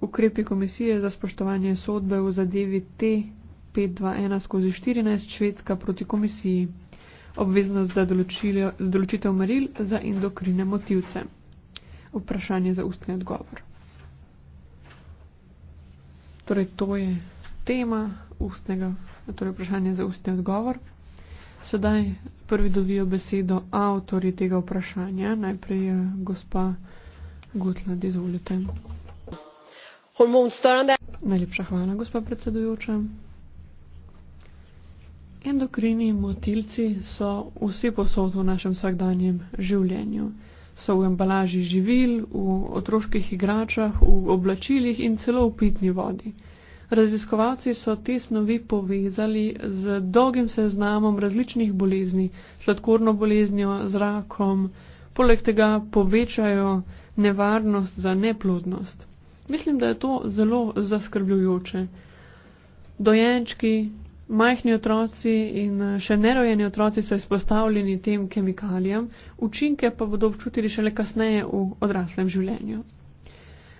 Ukrepi komisije za spoštovanje sodbe v zadevi T521 skozi 14 Švedska proti komisiji. Obveznost za določitev meril za endokrine motivce. Vprašanje za ustni odgovor. Torej, to je tema ustnega, torej vprašanje za ustni odgovor. Sedaj prvi dobijo besedo avtori tega vprašanja. Najprej gospa Gutland, izvolite hormonstörande. Najlepša hvala, gospa predsedujoča. Endokrini motilci so vsi posod v našem vsakdanjem življenju. So v embalaži živil, v otroških igračah, v oblačilih in celo v pitni vodi. Raziskovalci so te snovi povezali z dolgim seznamom različnih bolezni, sladkorno boleznjo, zrakom, poleg tega povečajo nevarnost za neplodnost. Mislim, da je to zelo zaskrbljujoče. Dojenčki, majhni otroci in še nerojeni otroci so izpostavljeni tem kemikalijam, učinke pa bodo občutili šele kasneje v odraslem življenju.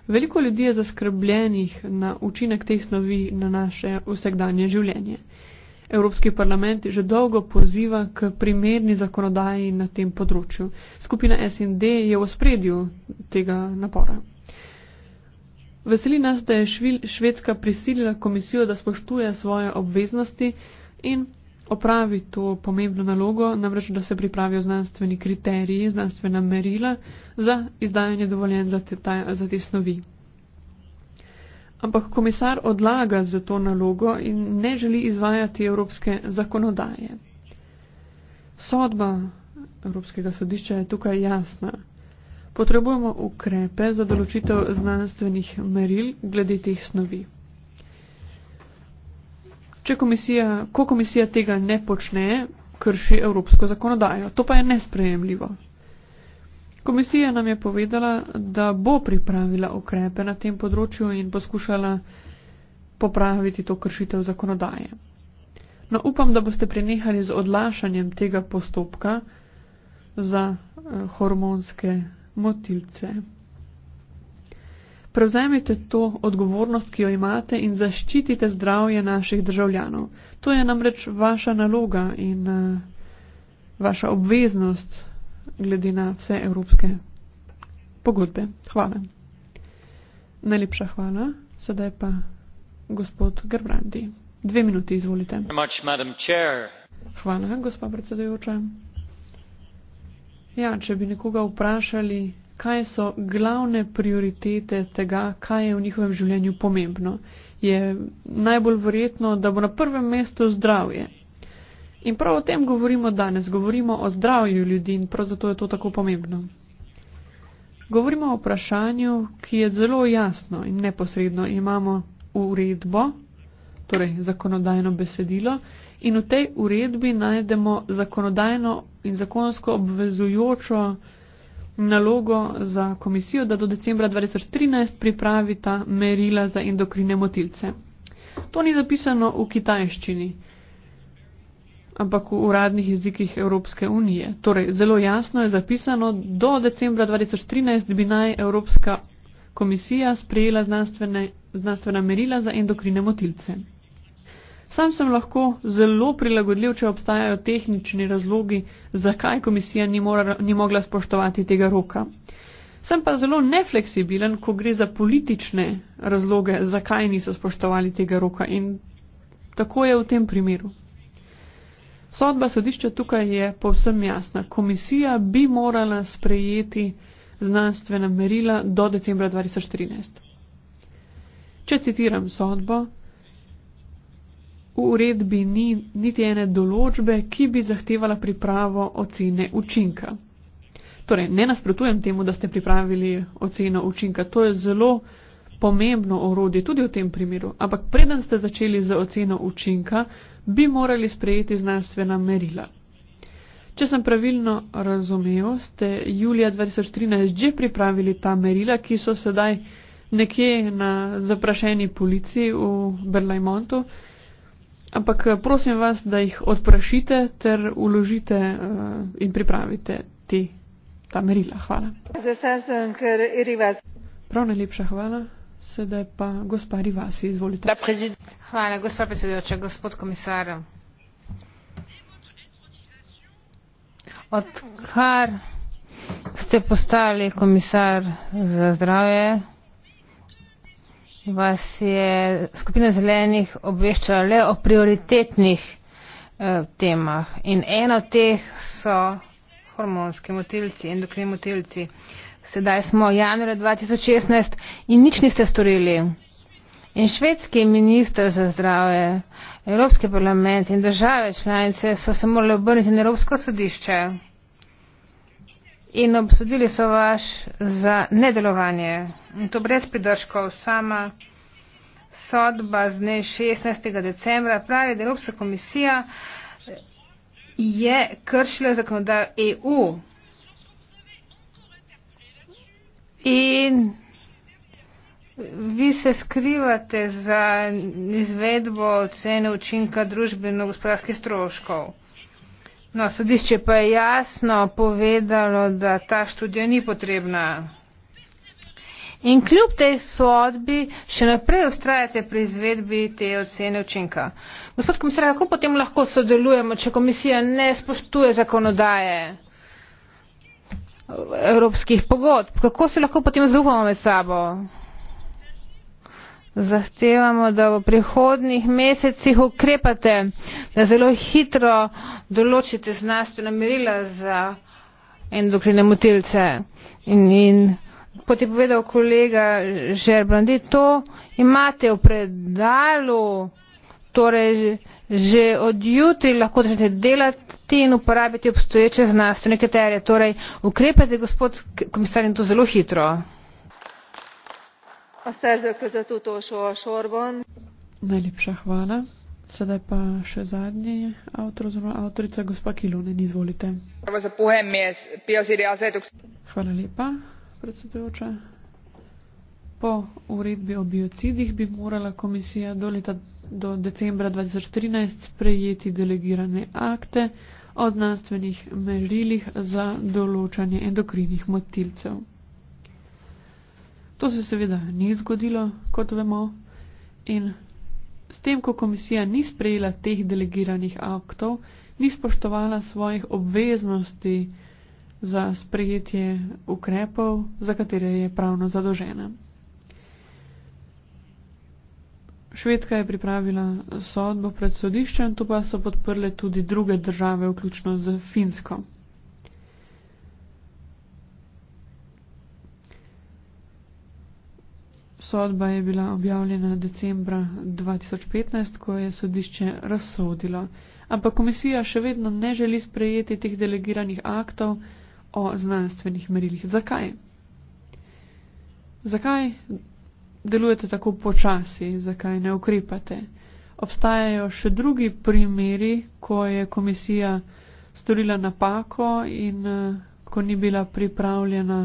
Veliko ljudi je zaskrbljenih na učinek teh snovi na naše vsakdanje življenje. Evropski parlament že dolgo poziva k primerni zakonodaji na tem področju. Skupina SND je v spredju tega napora. Veseli nas, da je švil, Švedska prisilila komisijo, da spoštuje svoje obveznosti in opravi to pomembno nalogo, namreč da se pripravijo znanstveni kriteriji, znanstvena merila za izdajanje dovoljen za te, ta, za te snovi. Ampak komisar odlaga za to nalogo in ne želi izvajati evropske zakonodaje. Sodba Evropskega sodišča je tukaj jasna. Potrebujemo ukrepe za določitev znanstvenih meril glede teh snovi. Če komisija, ko komisija tega ne počne, krši evropsko zakonodajo. To pa je nesprejemljivo. Komisija nam je povedala, da bo pripravila ukrepe na tem področju in poskušala popraviti to kršitev zakonodaje. No, upam, da boste prenehali z odlašanjem tega postopka za eh, hormonske motilce. Prevzemite to odgovornost, ki jo imate in zaščitite zdravje naših državljanov. To je namreč vaša naloga in uh, vaša obveznost glede na vse evropske pogodbe. Hvala. Najlepša hvala. Sedaj pa gospod Gerbrandi. Dve minuti, izvolite. Hvala, gospa predsedujoča. Ja, če bi nekoga vprašali, kaj so glavne prioritete tega, kaj je v njihovem življenju pomembno, je najbolj verjetno, da bo na prvem mestu zdravje. In prav o tem govorimo danes, govorimo o zdravju ljudi in prav zato je to tako pomembno. Govorimo o vprašanju, ki je zelo jasno in neposredno. Imamo uredbo, torej zakonodajno besedilo, in v tej uredbi najdemo zakonodajno in zakonsko obvezujočo nalogo za komisijo, da do decembra 2013 pripravi ta merila za endokrine motilce. To ni zapisano v kitajščini, ampak v uradnih jezikih Evropske unije. Torej, zelo jasno je zapisano, do decembra 2013 bi naj Evropska komisija sprejela znanstvena merila za endokrine motilce. Sam sem lahko zelo prilagodljiv, če obstajajo tehnični razlogi, zakaj komisija ni, mora, ni mogla spoštovati tega roka. Sem pa zelo nefleksibilen, ko gre za politične razloge, zakaj niso spoštovali tega roka in tako je v tem primeru. Sodba sodišča tukaj je povsem jasna. Komisija bi morala sprejeti znanstvena merila do decembra 2013. Če citiram sodbo, v uredbi ni niti ene določbe, ki bi zahtevala pripravo ocene učinka. Torej, ne nasprotujem temu, da ste pripravili oceno učinka, to je zelo pomembno orodje tudi v tem primeru, ampak preden ste začeli z oceno učinka, bi morali sprejeti znanstvena merila. Če sem pravilno razumel, ste julija 2013 že pripravili ta merila, ki so sedaj nekje na zaprašeni policiji v Berlajmontu, ampak eh, prosim vas, da jih odprašite ter uložite uh, in pripravite ti, ta merila. Hvala. Prav najlepša hvala. Sedaj pa gospa Rivasi, izvolite. Hvala, gospa predsedujoča, gospod komisar. Odkar ste postali komisar za zdravje, vas je skupina zelenih obveščala le o prioritetnih eh, temah in eno od teh so hormonski motilci, endokrini motilci. Sedaj smo januarja 2016 in nič niste storili. In švedski minister za zdrave, Evropski parlament in države članice so se morali obrniti na Evropsko sodišče in obsodili so vaš za nedelovanje. In to brez pridržkov. Sama sodba z dne 16. decembra pravi, da Evropska komisija je kršila zakonodajo EU. In vi se skrivate za izvedbo cene učinka družbeno-gospodarskih stroškov. No, sodišče pa je jasno povedalo, da ta študija ni potrebna. In kljub tej sodbi še naprej ustrajate pri izvedbi te ocene učinka. Gospod komisar, kako potem lahko sodelujemo, če komisija ne spoštuje zakonodaje evropskih pogodb? Kako se lahko potem zaupamo med sabo? zahtevamo, da v prihodnih mesecih ukrepate, da zelo hitro določite znanstvena merila za endokrine motilce. In, in kot je povedal kolega Žerbrandi, to imate v predalu, torej že od jutri lahko začnete delati in uporabiti obstoječe znanstvene kriterije. Torej ukrepate, gospod komisar, in to zelo hitro a szerzők között utolsó a sorban. Najlepša hvala. Sedaj pa še zadnji avtor oziroma avtorica gospa Kilonen, izvolite. Hvala lepa, predsedujoča. Po uredbi o biocidih bi morala komisija do leta do decembra 2013 sprejeti delegirane akte o znanstvenih merilih za določanje endokrinih motilcev. To se seveda ni zgodilo, kot vemo. In s tem, ko komisija ni sprejela teh delegiranih aktov, ni spoštovala svojih obveznosti za sprejetje ukrepov, za katere je pravno zadožena. Švedska je pripravila sodbo pred sodiščem, to pa so podprle tudi druge države, vključno z Finsko. Sodba je bila objavljena decembra 2015, ko je sodišče razsodilo. Ampak komisija še vedno ne želi sprejeti teh delegiranih aktov o znanstvenih merilih. Zakaj? Zakaj delujete tako počasi, zakaj ne ukrepate? Obstajajo še drugi primeri, ko je komisija storila napako in eh, ko ni bila pripravljena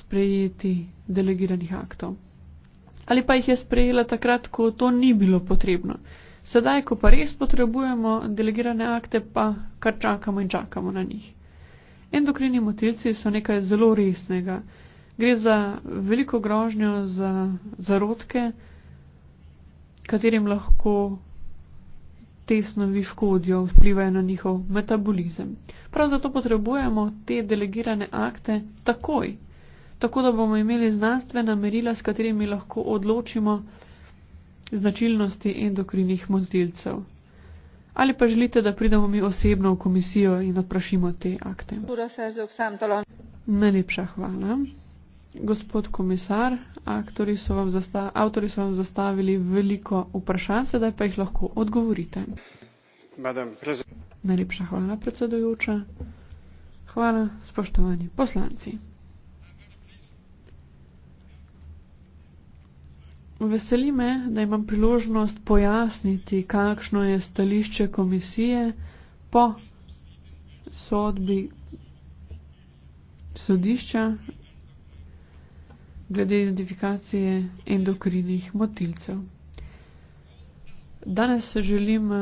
sprejeti delegiranih aktov ali pa jih je sprejela takrat, ko to ni bilo potrebno. Sedaj, ko pa res potrebujemo delegirane akte, pa kar čakamo in čakamo na njih. Endokrini motilci so nekaj zelo resnega. Gre za veliko grožnjo za zarodke, katerim lahko te snovi škodijo, vplivajo na njihov metabolizem. Prav zato potrebujemo te delegirane akte takoj, tako da bomo imeli znanstvena merila, s katerimi lahko odločimo značilnosti endokrinih motilcev. Ali pa želite, da pridemo mi osebno v komisijo in odprašimo te akte? Najlepša hvala. Gospod komisar, so vam avtori so vam zastavili veliko vprašanj, sedaj pa jih lahko odgovorite. Najlepša hvala, predsedujoča. Hvala, spoštovani poslanci. Veseli me, da imam priložnost pojasniti, kakšno je stališče komisije po sodbi sodišča glede identifikacije endokrinih motilcev. Danes se želim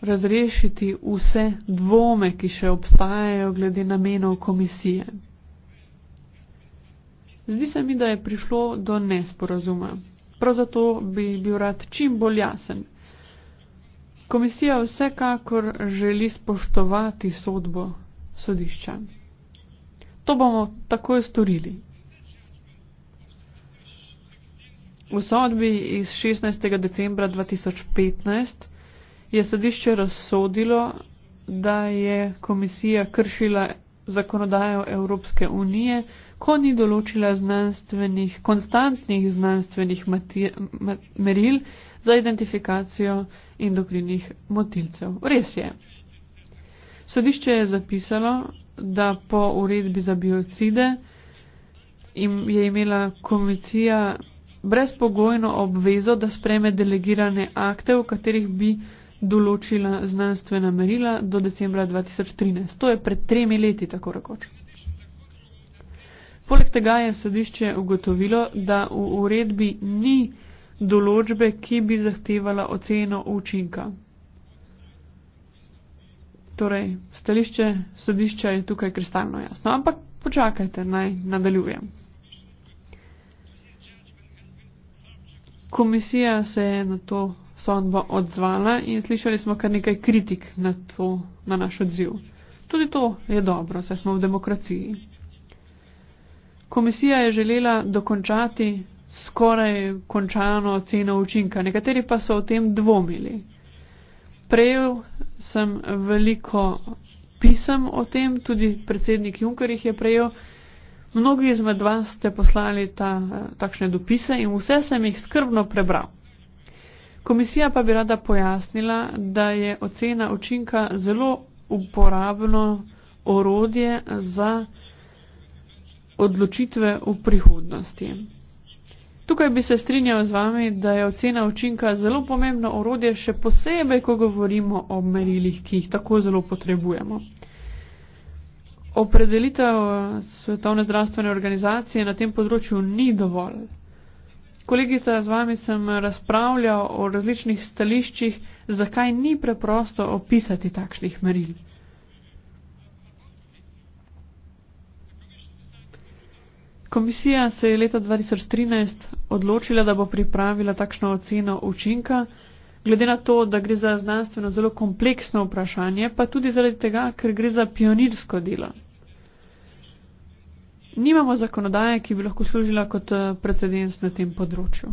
razrešiti vse dvome, ki še obstajajo glede namenov komisije. Zdi se mi, da je prišlo do nesporazuma. Prav zato bi bil rad čim bolj jasen. Komisija vsekakor želi spoštovati sodbo sodišča. To bomo takoj storili. V sodbi iz 16. decembra 2015 je sodišče razsodilo, da je komisija kršila zakonodajo Evropske unije ko ni določila znanstvenih, konstantnih znanstvenih matir, mat, meril za identifikacijo endokrinih motilcev. Res je. Sodišče je zapisalo, da po uredbi za biocide im je imela komisija brezpogojno obvezo, da spreme delegirane akte, v katerih bi določila znanstvena merila do decembra 2013. To je pred tremi leti, tako rekoč. Poleg tega je sodišče ugotovilo, da v uredbi ni določbe, ki bi zahtevala oceno učinka. Torej, stališče sodišča je tukaj kristalno jasno, ampak počakajte, naj nadaljujem. Komisija se je na to sodbo odzvala in slišali smo kar nekaj kritik na, to, na naš odziv. Tudi to je dobro, saj smo v demokraciji. Komisija je želela dokončati skoraj končano ceno učinka, nekateri pa so o tem dvomili. Prejel sem veliko pisem o tem, tudi predsednik Juncker jih je prejel. Mnogi izmed vas ste poslali ta, takšne dopise in vse sem jih skrbno prebral. Komisija pa bi rada pojasnila, da je ocena učinka zelo uporabno orodje za odločitve v prihodnosti. Tukaj bi se strinjal z vami, da je ocena učinka zelo pomembno orodje, še posebej, ko govorimo o merilih, ki jih tako zelo potrebujemo. Opredelitev Svetovne zdravstvene organizacije na tem področju ni dovolj. Kolegica, z vami sem razpravljal o različnih stališčih, zakaj ni preprosto opisati takšnih meril. Komisija se je leta 2013 odločila, da bo pripravila takšno oceno učinka, glede na to, da gre za znanstveno zelo kompleksno vprašanje, pa tudi zaradi tega, ker gre za pionirsko delo. Nimamo zakonodaje, ki bi lahko služila kot eh, precedens na tem področju.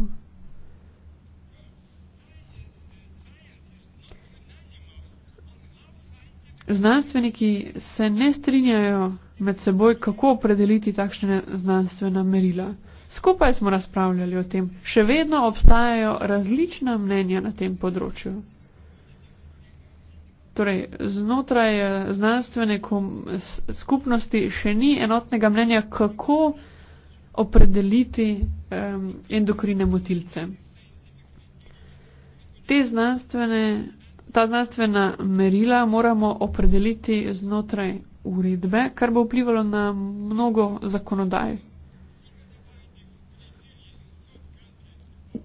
Znanstveniki se ne strinjajo med seboj, kako opredeliti takšne znanstvena merila. Skupaj smo razpravljali o tem, še vedno obstajajo različna mnenja na tem področju. Torej, znotraj eh, znanstvene skupnosti še ni enotnega mnenja, kako opredeliti um, endokrine motilce. Te znanstvene, ta znanstvena merila moramo opredeliti znotraj uredbe, kar bo vplivalo na mnogo zakonodaj.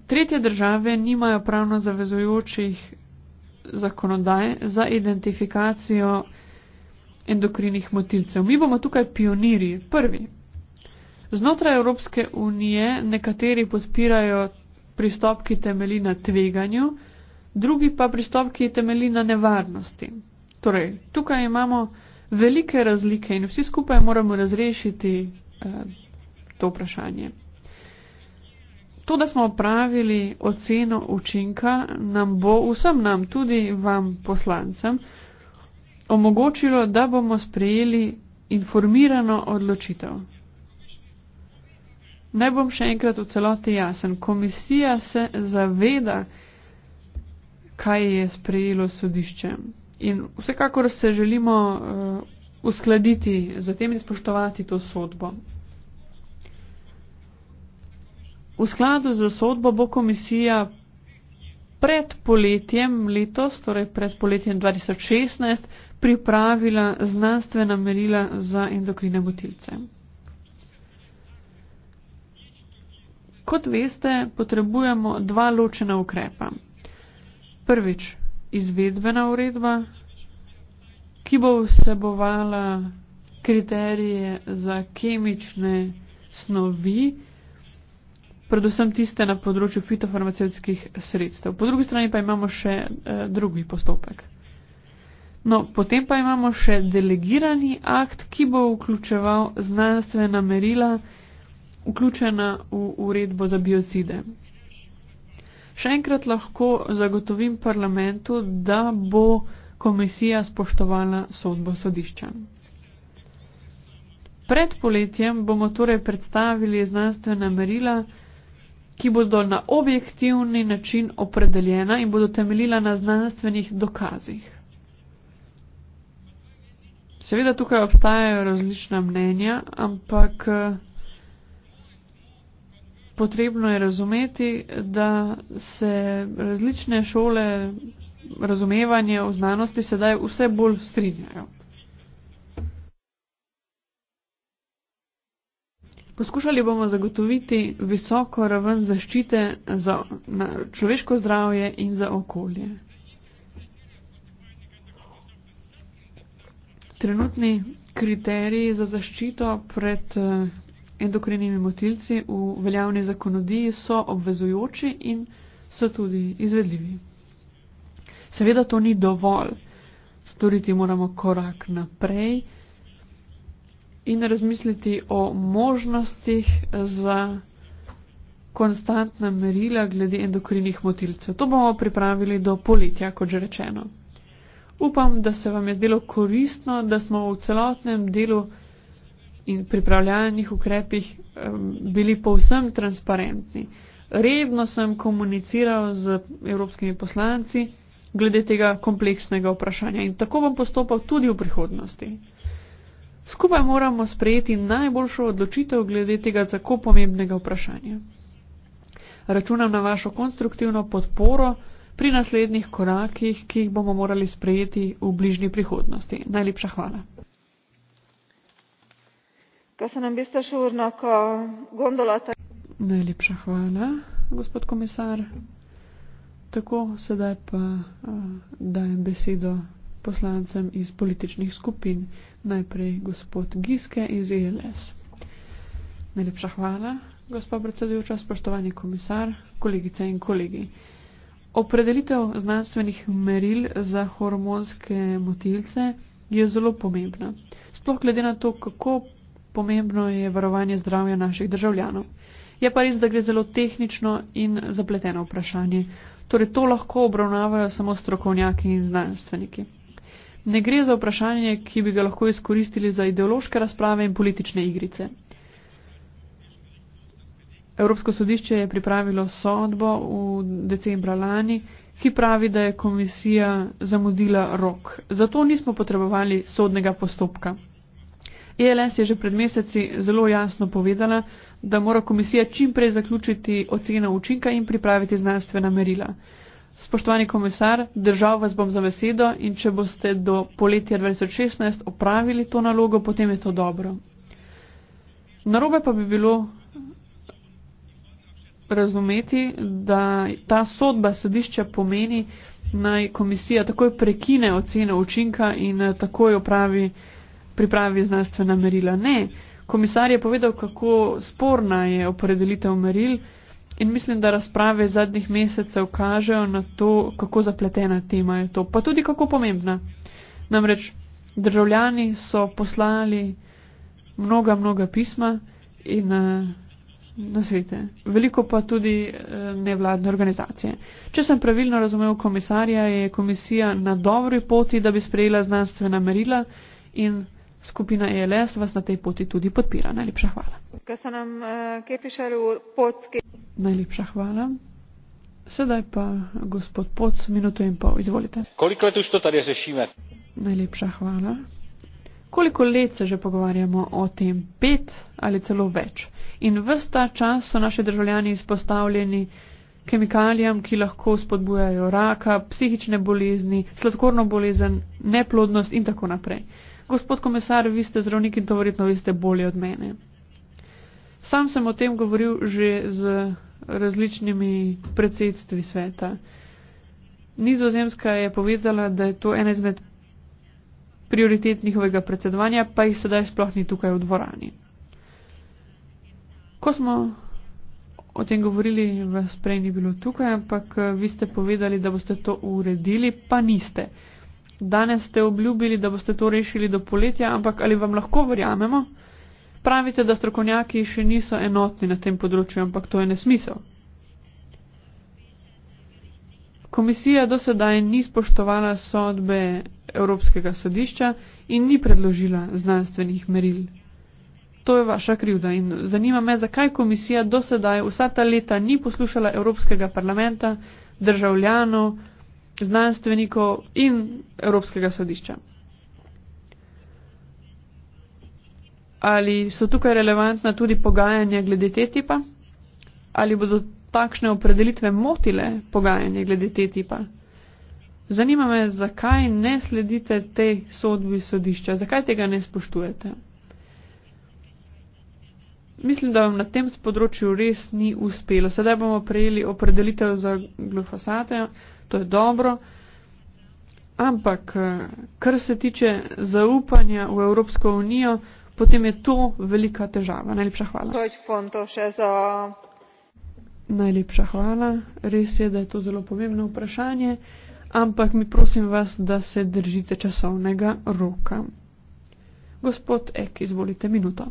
Tretje države nimajo pravno zavezujočih zakonodaj za identifikacijo endokrinih motilcev. Mi bomo tukaj pioniri, prvi. Znotraj Evropske unije nekateri podpirajo pristop, ki temeli na tveganju, drugi pa pristop, ki temeli na nevarnosti. Torej, tukaj imamo velike razlike in vsi skupaj moramo razrešiti eh, to vprašanje. To, da smo opravili oceno učinka, nam bo vsem nam, tudi vam poslancem, omogočilo, da bomo sprejeli informirano odločitev. Naj bom še enkrat v celoti jasen. Komisija se zaveda, kaj je sprejelo sodišče. In vsekakor se želimo uh, uskladiti z tem in spoštovati to sodbo. V skladu z sodbo bo komisija pred poletjem letos, torej pred poletjem 2016, pripravila znanstvena merila za endokrine motilce. Kot veste, potrebujemo dva ločena ukrepa. Prvič, izvedbena uredba, ki bo vsebovala kriterije za kemične snovi, predvsem tiste na področju fitofarmacevskih sredstev. Po drugi strani pa imamo še eh, drugi postopek. No, potem pa imamo še delegirani akt, ki bo vključeval znanstvena merila, vključena v uredbo za biocide. Še enkrat lahko zagotovim parlamentu, da bo komisija spoštovala sodbo sodišča. Pred poletjem bomo torej predstavili znanstvena merila, ki bodo na objektivni način opredeljena in bodo temeljila na znanstvenih dokazih. Seveda tukaj obstajajo različna mnenja, ampak potrebno je razumeti, da se različne šole razumevanje v znanosti sedaj vse bolj strinjajo. Poskušali bomo zagotoviti visoko raven zaščite za na, človeško zdravje in za okolje. Trenutni kriteriji za zaščito pred endokrinimi motilci v veljavni zakonodiji so obvezujoči in so tudi izvedljivi. Seveda to ni dovolj. Storiti moramo korak naprej in razmisliti o možnostih za konstantna merila glede endokrinih motilcev. To bomo pripravili do poletja, kot že rečeno. Upam, da se vam je zdelo koristno, da smo v celotnem delu in pripravljalnih ukrepih bili povsem transparentni. Redno sem komuniciral z evropskimi poslanci glede tega kompleksnega vprašanja in tako bom postopal tudi v prihodnosti. Skupaj moramo sprejeti najboljšo odločitev glede tega tako pomembnega vprašanja. Računam na vašo konstruktivno podporo pri naslednjih korakih, ki jih bomo morali sprejeti v bližnji prihodnosti. Najlepša hvala. Köszönöm biztos úrnak a gondolatát. Najlepša hvala, gospod komisár. Tako, sedaj pa dajem besedo poslancem iz političnih skupin. Najprej gospod Giske iz ELS. Najlepša hvala, gospod predsedujoča, spoštovani komisar, kolegice in kolegi. Opredelitev znanstvenih meril za hormonske motilce je zelo pomembna. Sploh glede na to, kako pomembno je varovanje zdravja naših državljanov. Je pa res, da gre zelo tehnično in zapleteno vprašanje. Torej, to lahko obravnavajo samo strokovnjaki in znanstveniki. Ne gre za vprašanje, ki bi ga lahko izkoristili za ideološke razprave in politične igrice. Evropsko sodišče je pripravilo sodbo v decembra lani, ki pravi, da je komisija zamudila rok. Zato nismo potrebovali sodnega postopka. ELS je že pred meseci zelo jasno povedala, da mora komisija čimprej zaključiti oceno učinka in pripraviti znanstvena merila. Spoštovani komisar, držal vas bom za besedo in če boste do poletja 2016 opravili to nalogo, potem je to dobro. Narobe pa bi bilo razumeti, da ta sodba sodišča pomeni, naj komisija takoj prekine oceno učinka in eh, takoj opravi pripravi znanstvena merila. Ne, komisar je povedal, kako sporna je opredelitev meril in mislim, da razprave zadnjih mesecev kažejo na to, kako zapletena tema je to, pa tudi kako pomembna. Namreč državljani so poslali mnoga, mnoga pisma in eh, na svete, veliko pa tudi eh, nevladne organizacije. Če sem pravilno razumel komisarja, je komisija na dobri poti, da bi sprejela znanstvena merila in Skupina ELS vas na tej poti tudi podpira. Najlepša hvala. Nam, uh, eh, Najlepša hvala. Sedaj pa gospod Poc, minuto in pol, izvolite. Koliko let už to tady rešime? Najlepša hvala. Koliko let se že pogovarjamo o tem? Pet ali celo več? In v ta čas so naši državljani izpostavljeni kemikalijam, ki lahko spodbujajo raka, psihične bolezni, sladkorno bolezen, neplodnost in tako naprej. Gospod komisar, vi ste zdravnik in to verjetno veste bolje od mene. Sam sem o tem govoril že z različnimi predsedstvi sveta. Nizozemska je povedala, da je to ena izmed prioritet njihovega predsedovanja, pa jih sedaj sploh ni tukaj v dvorani. Ko smo o tem govorili, vas prej ni bilo tukaj, ampak eh, vi ste povedali, da boste to uredili, pa niste. Danes ste obljubili, da boste to rešili do poletja, ampak ali vam lahko verjamemo? Pravite, da strokovnjaki še niso enotni na tem področju, ampak to je nesmisel. Komisija do sedaj ni spoštovala sodbe Evropskega sodišča in ni predložila znanstvenih meril. To je vaša krivda in zanima me, zakaj komisija do sedaj vsa ta leta ni poslušala Evropskega parlamenta, državljanov, znanstvenikov in Evropskega sodišča. Ali so tukaj relevantna tudi pogajanja glede te tipa? Ali bodo takšne opredelitve motile pogajanje glede te tipa? Zanima me, zakaj ne sledite tej sodbi sodišča, zakaj tega ne spoštujete? Mislim, da vam na tem področju res ni uspelo. Sedaj bomo prejeli opredelitev za glufosate to je dobro. Ampak, eh, kar se tiče zaupanja v Evropsko unijo, potem je to velika težava. Najlepša hvala. Najlepša hvala. Res je, da je to zelo pomembno vprašanje, ampak mi prosim vas, da se držite časovnega roka. Gospod Ek, izvolite minuto.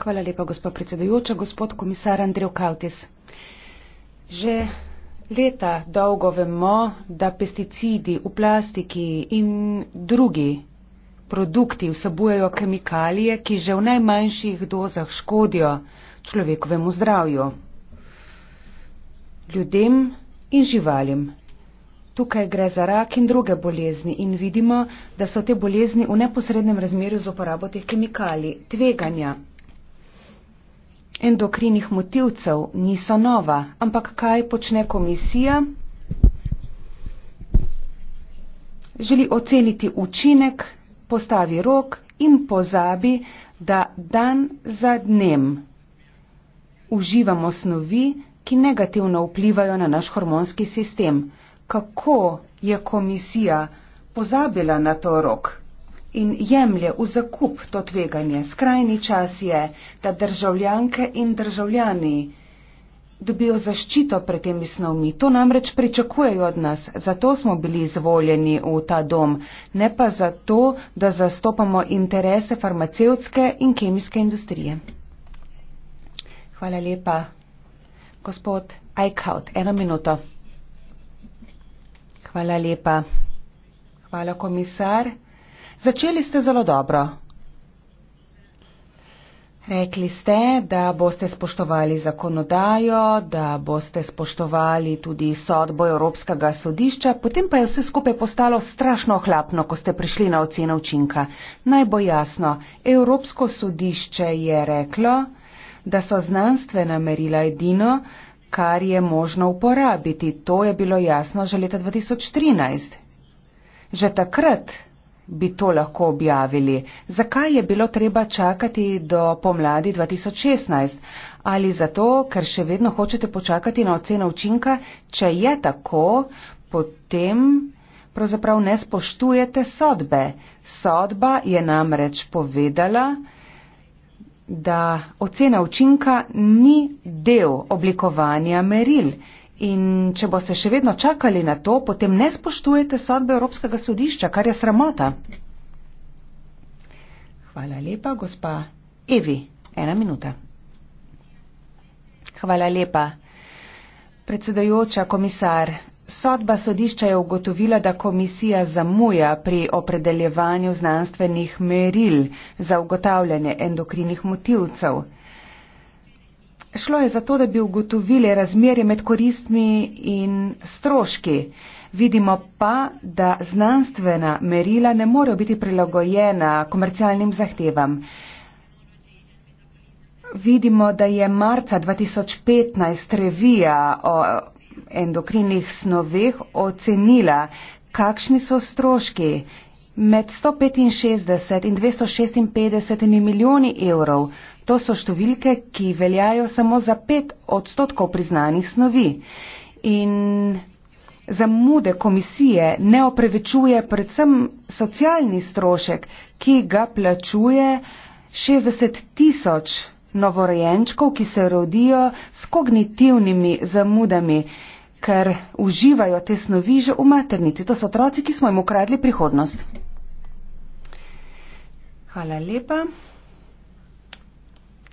Hvala lepa, gospod predsedujoča, gospod komisar Andrej Kautis. Že Leta dolgo vemo, da pesticidi v plastiki in drugi produkti vsebujejo kemikalije, ki že v najmanjših dozah škodijo človekovemu zdravju, ljudem in živalim. Tukaj gre za rak in druge bolezni in vidimo, da so te bolezni v neposrednem razmerju z uporabo teh kemikalij. Tveganja endokrinih motivcev niso nova, ampak kaj počne komisija? Želi oceniti učinek, postavi rok in pozabi, da dan za dnem uživamo snovi, ki negativno vplivajo na naš hormonski sistem. Kako je komisija pozabila na to rok? in jemlje v zakup to tveganje. Skrajni čas je, da državljanke in državljani dobijo zaščito pred temi snovmi. To namreč pričakujejo od nas. Zato smo bili izvoljeni v ta dom, ne pa zato, da zastopamo interese farmacevtske in kemijske industrije. Hvala lepa. Gospod Eichhout, eno minuto. Hvala lepa. Hvala komisar. Začeli ste zelo dobro. Rekli ste, da boste spoštovali zakonodajo, da boste spoštovali tudi sodbo Evropskega sodišča, potem pa je vse skupaj postalo strašno ohlapno, ko ste prišli na oceno učinka. Naj bo jasno, Evropsko sodišče je reklo, da so znanstvena merila edino, kar je možno uporabiti. To je bilo jasno že leta 2013. Že takrat bi to lahko objavili? Zakaj je bilo treba čakati do pomladi 2016? Ali zato, ker še vedno hočete počakati na oceno učinka? Če je tako, potem pravzaprav ne spoštujete sodbe. Sodba je namreč povedala, da ocena učinka ni del oblikovanja meril. In če boste še vedno čakali na to, potem ne spoštujete sodbe Evropskega sodišča, kar je sramota. Hvala lepa, gospa Evi. Ena minuta. Hvala lepa. Predsedajoča komisar, sodba sodišča je ugotovila, da komisija zamuja pri opredeljevanju znanstvenih meril za ugotavljanje endokrinih motivcev. Šlo je za to, da bi ugotovili razmerje med koristmi in stroški. Vidimo pa, da znanstvena merila ne morejo biti prilagojena komercialnim zahtevam. Vidimo, da je marca 2015 revija o endokrinnih snoveh ocenila, kakšni so stroški med 165 in 256 milijoni evrov. To so številke, ki veljajo samo za pet odstotkov priznanih snovi. In zamude komisije ne oprevečuje predvsem socialni strošek, ki ga plačuje 60 tisoč novorojenčkov, ki se rodijo s kognitivnimi zamudami, ker uživajo te snovi že v maternici. To so otroci, ki smo jim ukradli prihodnost. Hvala lepa.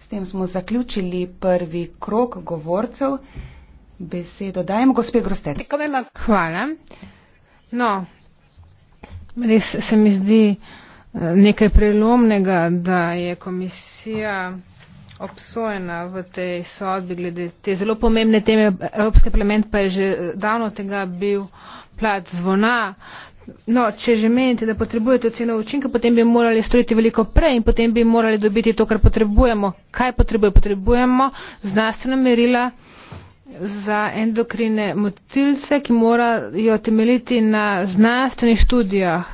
S tem smo zaključili prvi krok govorcev. Besedo dajem gospe Grostet. Hvala. No, res se mi zdi eh, nekaj prelomnega, da je komisija obsojena v tej sodbi glede te zelo pomembne teme. Evropski parlament pa je že eh, davno tega bil plat zvona, No, če že menite, da potrebujete oceno učinka, potem bi morali storiti veliko prej in potem bi morali dobiti to, kar potrebujemo. Kaj potrebujemo? Potrebujemo znanstvena merila za endokrine motilce, ki morajo temeljiti na znanstvenih študijah.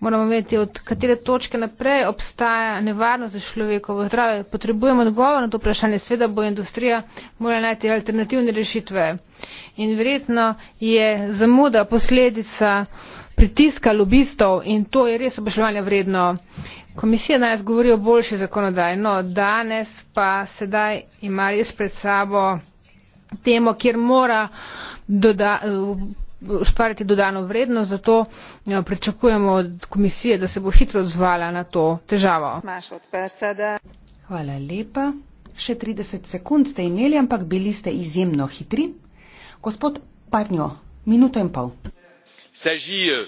Moramo vedeti, od katere točke naprej obstaja nevarnost za človekovo zdravje. Potrebujemo odgovor na to vprašanje. Sveda bo industrija morala najti alternativne rešitve. Uh, in verjetno je zamuda posledica pritiska lobistov in to je res obešljovanje vredno. Komisija danes govori o boljši zakonodaji, no danes pa sedaj ima res pred sabo temo, kjer mora doda, ustvariti dodano vrednost, zato ja, pričakujemo od komisije, da se bo hitro odzvala na to težavo. Hvala lepa. Še 30 sekund ste imeli, ampak bili ste izjemno hitri. Gospod Parnjo, minuto in pol. Euh,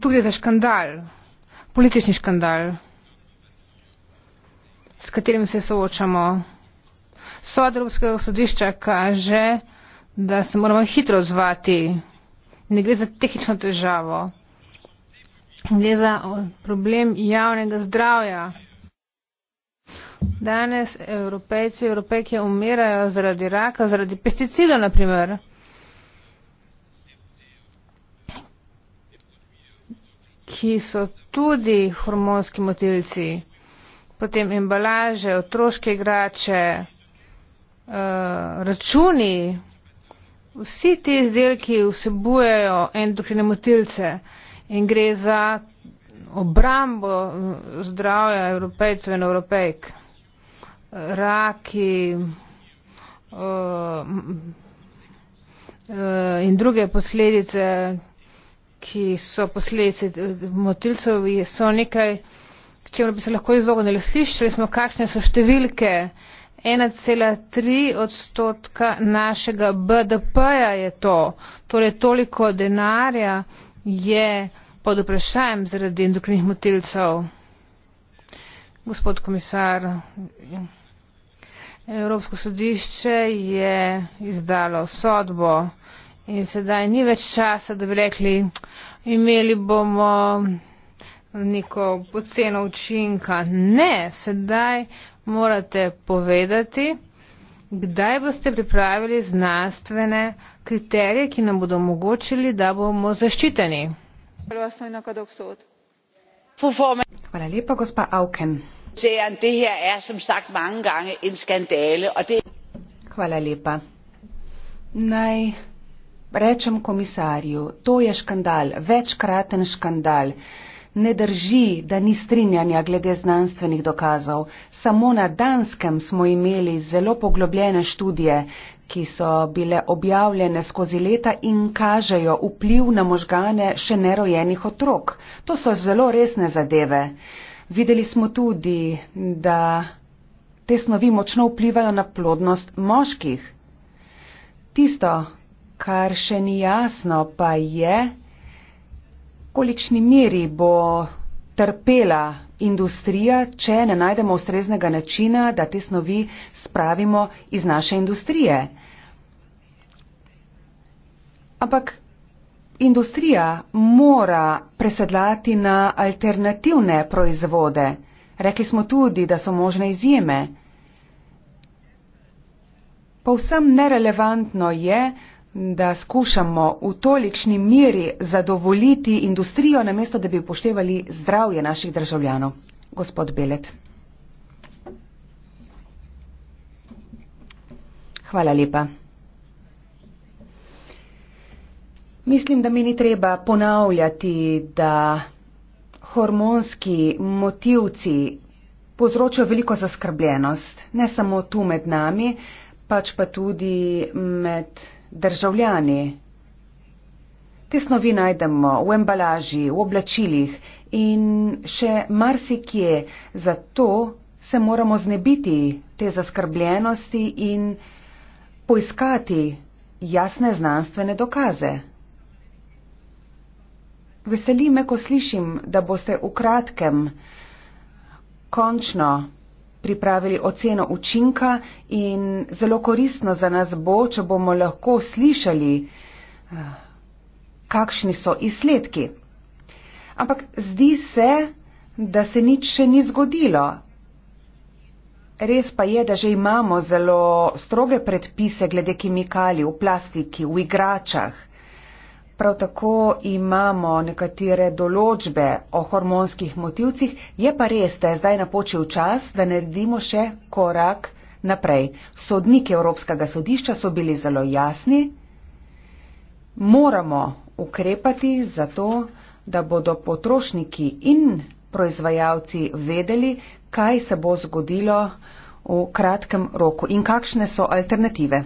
tu gre za škandal, politični škandal, s katerim se soočamo. Sod Evropskega sodišča kaže, da se moramo hitro odzvati. Ne gre za tehnično težavo. Gre za problem javnega zdravja. Danes evropejci, evropejke umirajo zaradi raka, zaradi pesticidov naprimer. ki so tudi hormonski motilci, potem embalaže, otroške igrače, eh, računi, vsi ti izdelki vsebujejo endokrine motilce in gre za obrambo eh, zdravja evropejcev in evropejk raki eh, eh, in druge posledice, ki so posledice eh, motilcev, so nekaj, k čemu bi se lahko izognili. Slišali smo, kakšne so številke. 1,3 odstotka našega BDP-ja je to. Torej toliko denarja je pod vprašajem zaradi endokrinih motilcev. Gospod komisar. Ja. Evropsko sodišče je izdalo sodbo in sedaj ni več časa, da bi rekli, imeli bomo neko poceno učinka. Ne, sedaj morate povedati, kdaj boste pripravili znanstvene kriterije, ki nam bodo omogočili, da bomo zaščiteni. Hvala lepa, gospa Auken kommissæren det her er som sagt mange gange en skandale og det Hvala lepa. Naj rečem komisarju, to je škandal, večkraten škandal. Ne drži, da ni strinjanja glede znanstvenih dokazov. Samo na Danskem smo imeli zelo poglobljene študije, ki so bile objavljene skozi leta in kažejo vpliv na možgane še nerojenih otrok. To so zelo resne zadeve. Videli smo tudi, da te snovi močno vplivajo na plodnost moških. Tisto, kar še ni jasno, pa je, kolikšni meri bo trpela industrija, če ne najdemo ustreznega načina, da te snovi spravimo iz naše industrije. Ampak industrija mora presedlati na alternativne proizvode. Rekli smo tudi, da so možne izjeme. Povsem nerelevantno je, da skušamo v tolikšni miri zadovoljiti industrijo, namesto da bi upoštevali zdravje naših državljanov. Gospod Belet. Hvala lepa. Mislim, da mi ni treba ponavljati, da hormonski motivci povzročajo veliko zaskrbljenost, ne samo tu med nami, pač pa tudi med državljani. Te snovi najdemo v embalaži, v oblačilih in še marsikje, zato se moramo znebiti te zaskrbljenosti in poiskati jasne znanstvene dokaze. Veseli me, ko slišim, da boste v kratkem končno pripravili oceno učinka in zelo koristno za nas bo, če bomo lahko slišali, eh, kakšni so izsledki. Ampak zdi se, da se nič še ni zgodilo. Res pa je, da že imamo zelo stroge predpise glede kemikalij v plastiki, v igračah. Prav tako imamo nekatere določbe o hormonskih motivcih, je pa res, da je zdaj napočil čas, da naredimo še korak naprej. Sodniki Evropskega sodišča so bili zelo jasni, moramo ukrepati zato, da bodo potrošniki in proizvajalci vedeli, kaj se bo zgodilo v kratkem roku in kakšne so alternative.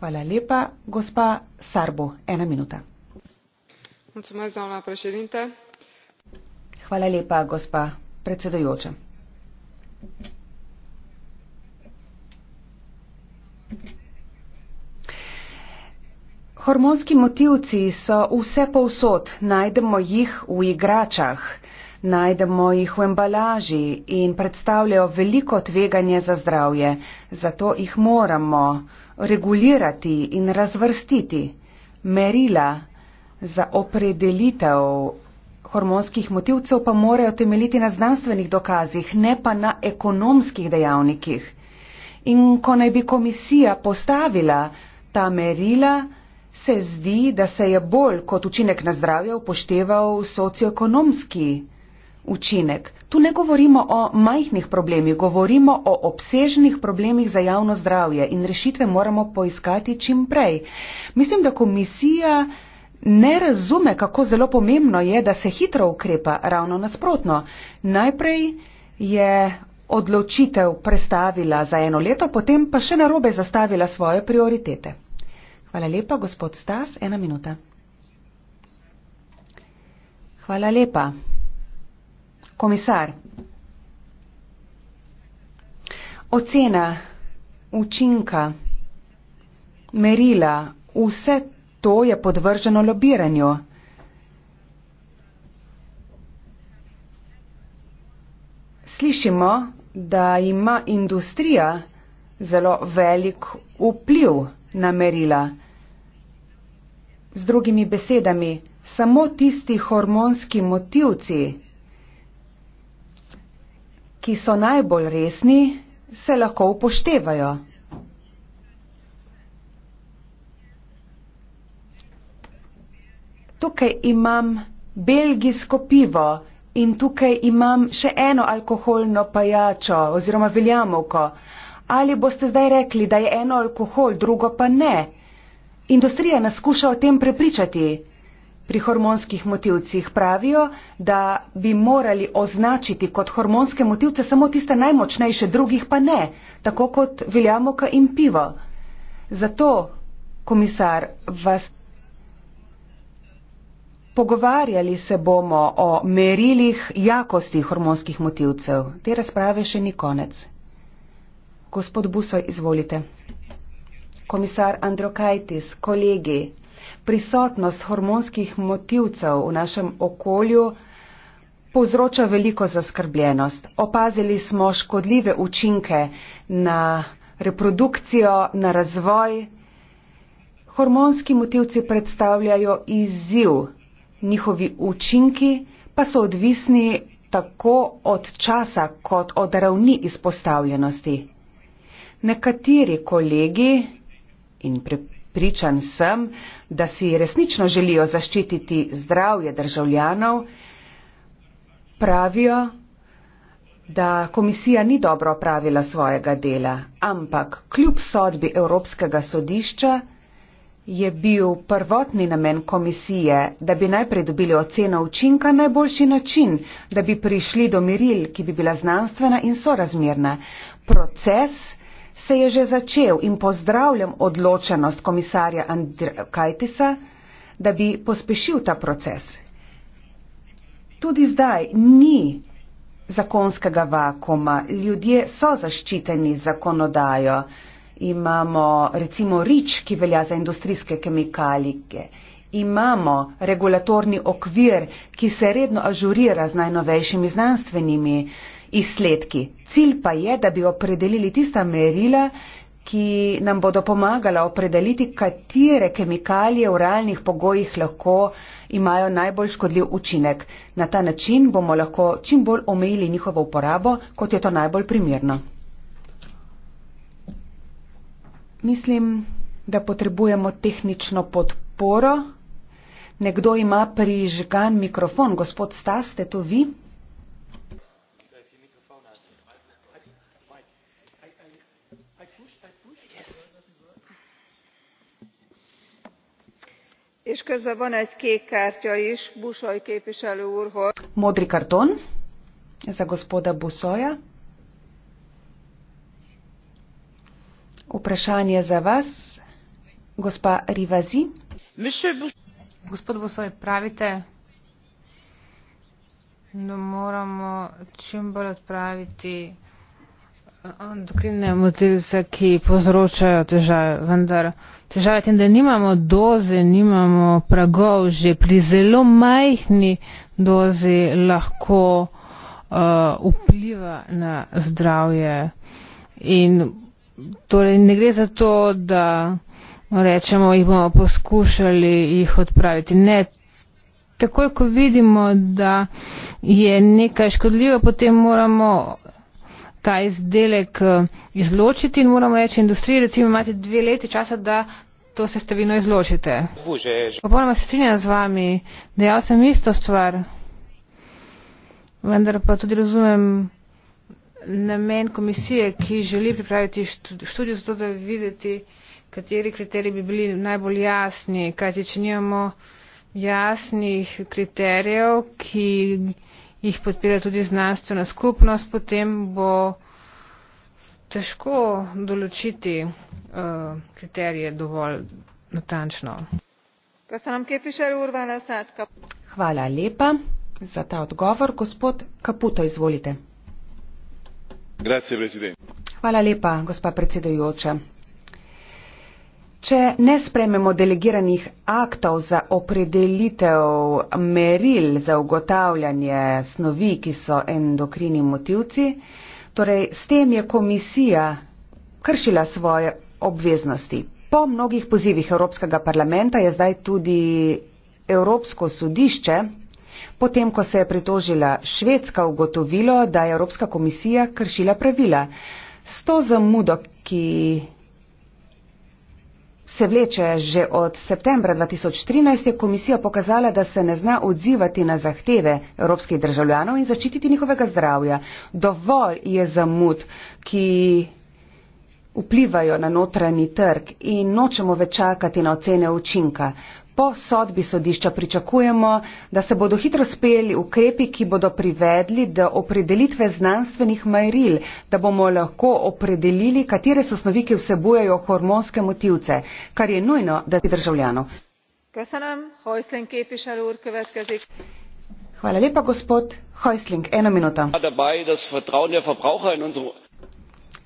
Hvala lepa. Gospa Sarbo, ena minuta. Mulțumesc, doamna președinte. Hvala lepa, gospa predsedujoča. Hormonski motivci so vse povsod, najdemo jih v igračah, najdemo jih v embalaži in predstavljajo veliko tveganje za zdravje, zato jih moramo regulirati in razvrstiti merila za opredelitev hormonskih motivcev pa morajo temeljiti na znanstvenih dokazih, ne pa na ekonomskih dejavnikih. In ko naj bi komisija postavila ta merila, se zdi, da se je bolj kot učinek na zdravje upošteval socioekonomski učinek. Tu ne govorimo o majhnih problemih, govorimo o obsežnih problemih za javno zdravje in rešitve moramo poiskati čim prej. Mislim, da komisija ne razume, kako zelo pomembno je, da se hitro ukrepa ravno nasprotno. Najprej je odločitev prestavila za eno leto, potem pa še narobe zastavila svoje prioritete. Hvala lepa, gospod Stas, ena minuta. Hvala lepa. Komisar, ocena, učinka, merila, vse to je podvrženo lobiranju. Slišimo, da ima industrija zelo velik vpliv na merila. Z drugimi besedami, samo tisti hormonski motivci, ki so najbolj resni, se lahko upoštevajo. Tukaj imam belgijsko pivo in tukaj imam še eno alkoholno pajačo oziroma veljamovko. Ali boste zdaj rekli, da je eno alkohol, drugo pa ne? Industrija nas skuša o tem prepričati pri hormonskih motivcih pravijo, da bi morali označiti kot hormonske motivce samo tiste najmočnejše, drugih pa ne, tako kot veljamoka in pivo. Zato, komisar, vas pogovarjali se bomo o merilih jakosti hormonskih motivcev. Te razprave še ni konec. Gospod Buso, izvolite. Komisar Androkajtis, kolegi prisotnost hormonskih motivcev v našem okolju povzroča veliko zaskrbljenost. Opazili smo škodljive učinke na reprodukcijo, na razvoj. Hormonski motivci predstavljajo izziv, njihovi učinki pa so odvisni tako od časa kot od ravni izpostavljenosti. Nekateri kolegi in pripravljeni Pričan sem, da si resnično želijo zaščititi zdravje državljanov. Pravijo, da komisija ni dobro opravila svojega dela, ampak kljub sodbi Evropskega sodišča je bil prvotni namen komisije, da bi najprej dobili oceno učinka najboljši način, da bi prišli do meril, ki bi bila znanstvena in sorazmerna. Proces se je že začel in pozdravljam odločenost komisarja Andrkajtisa, da bi pospešil ta proces. Tudi zdaj ni zakonskega vakuma, ljudje so zaščiteni zakonodajo, imamo recimo rič, ki velja za industrijske kemikalike, imamo regulatorni okvir, ki se redno ažurira z najnovejšimi znanstvenimi uh, izsledki. Cilj pa je, da bi opredelili tista merila, ki nam bodo pomagala opredeliti, katere kemikalije v realnih pogojih lahko imajo najbolj škodljiv učinek. Na ta način bomo lahko čim bolj omejili njihovo uporabo, kot je to najbolj primirno. Mislim, da potrebujemo tehnično podporo. Nekdo ima prižgan mikrofon. Gospod Stas, ste to vi? és közben van egy kék kártya is busoy képviselő úrhoz. Modri karton. Za gospoda Busoja. Vprašanje za vas, gospa Rivazi. Gospod Busoj, pravite, da moramo čim bolj odpraviti Endokrinne motilce, ki povzročajo težave, vendar težave je tem, da nimamo doze, nimamo pragov, že pri zelo majhni dozi lahko uh, vpliva na zdravje. In torej ne gre za to, da rečemo, jih bomo poskušali jih odpraviti. Ne, takoj, ko vidimo, da je nekaj škodljivo, potem moramo ta izdelek eh, izločiti in moramo reči industriji, recimo imate dve leti časa, da to sestavino izločite. Popolnoma se strinjam z vami, dejal sem isto stvar, vendar pa tudi razumem namen komisije, ki želi pripraviti študijo zato, da videti, kateri kriteriji bi bili najbolj jasni, kajti če nimamo jasnih kriterijev, ki jih podpira tudi znanstvena skupnost, potem bo težko določiti uh, kriterije dovolj natančno. Hvala lepa za ta odgovor. Gospod Kaputo, izvolite. Hvala lepa, gospa predsedujoča. Če ne sprememo delegiranih aktov za opredelitev meril za ugotavljanje snovi, ki so endokrini motivci, torej s tem je komisija kršila svoje obveznosti. Po mnogih pozivih Evropskega parlamenta je zdaj tudi Evropsko sodišče, potem ko se je pritožila Švedska, ugotovilo, da je Evropska komisija kršila pravila. S to zamudo, ki se vleče. Že od septembra 2013 je komisija pokazala, da se ne zna odzivati na zahteve evropskih državljanov in zaščititi njihovega zdravja. Dovolj je zamud, ki vplivajo na notranji trg in nočemo več čakati na ocene učinka po sodbi sodišča pričakujemo, da se bodo hitro speli ukrepi, ki bodo privedli do opredelitve znanstvenih majril, da bomo lahko opredelili, katere so snovi, ki vsebujejo hormonske motivce, kar je nujno, da bi državljanov. Hvala lepa, gospod Hojsling. Eno minuto.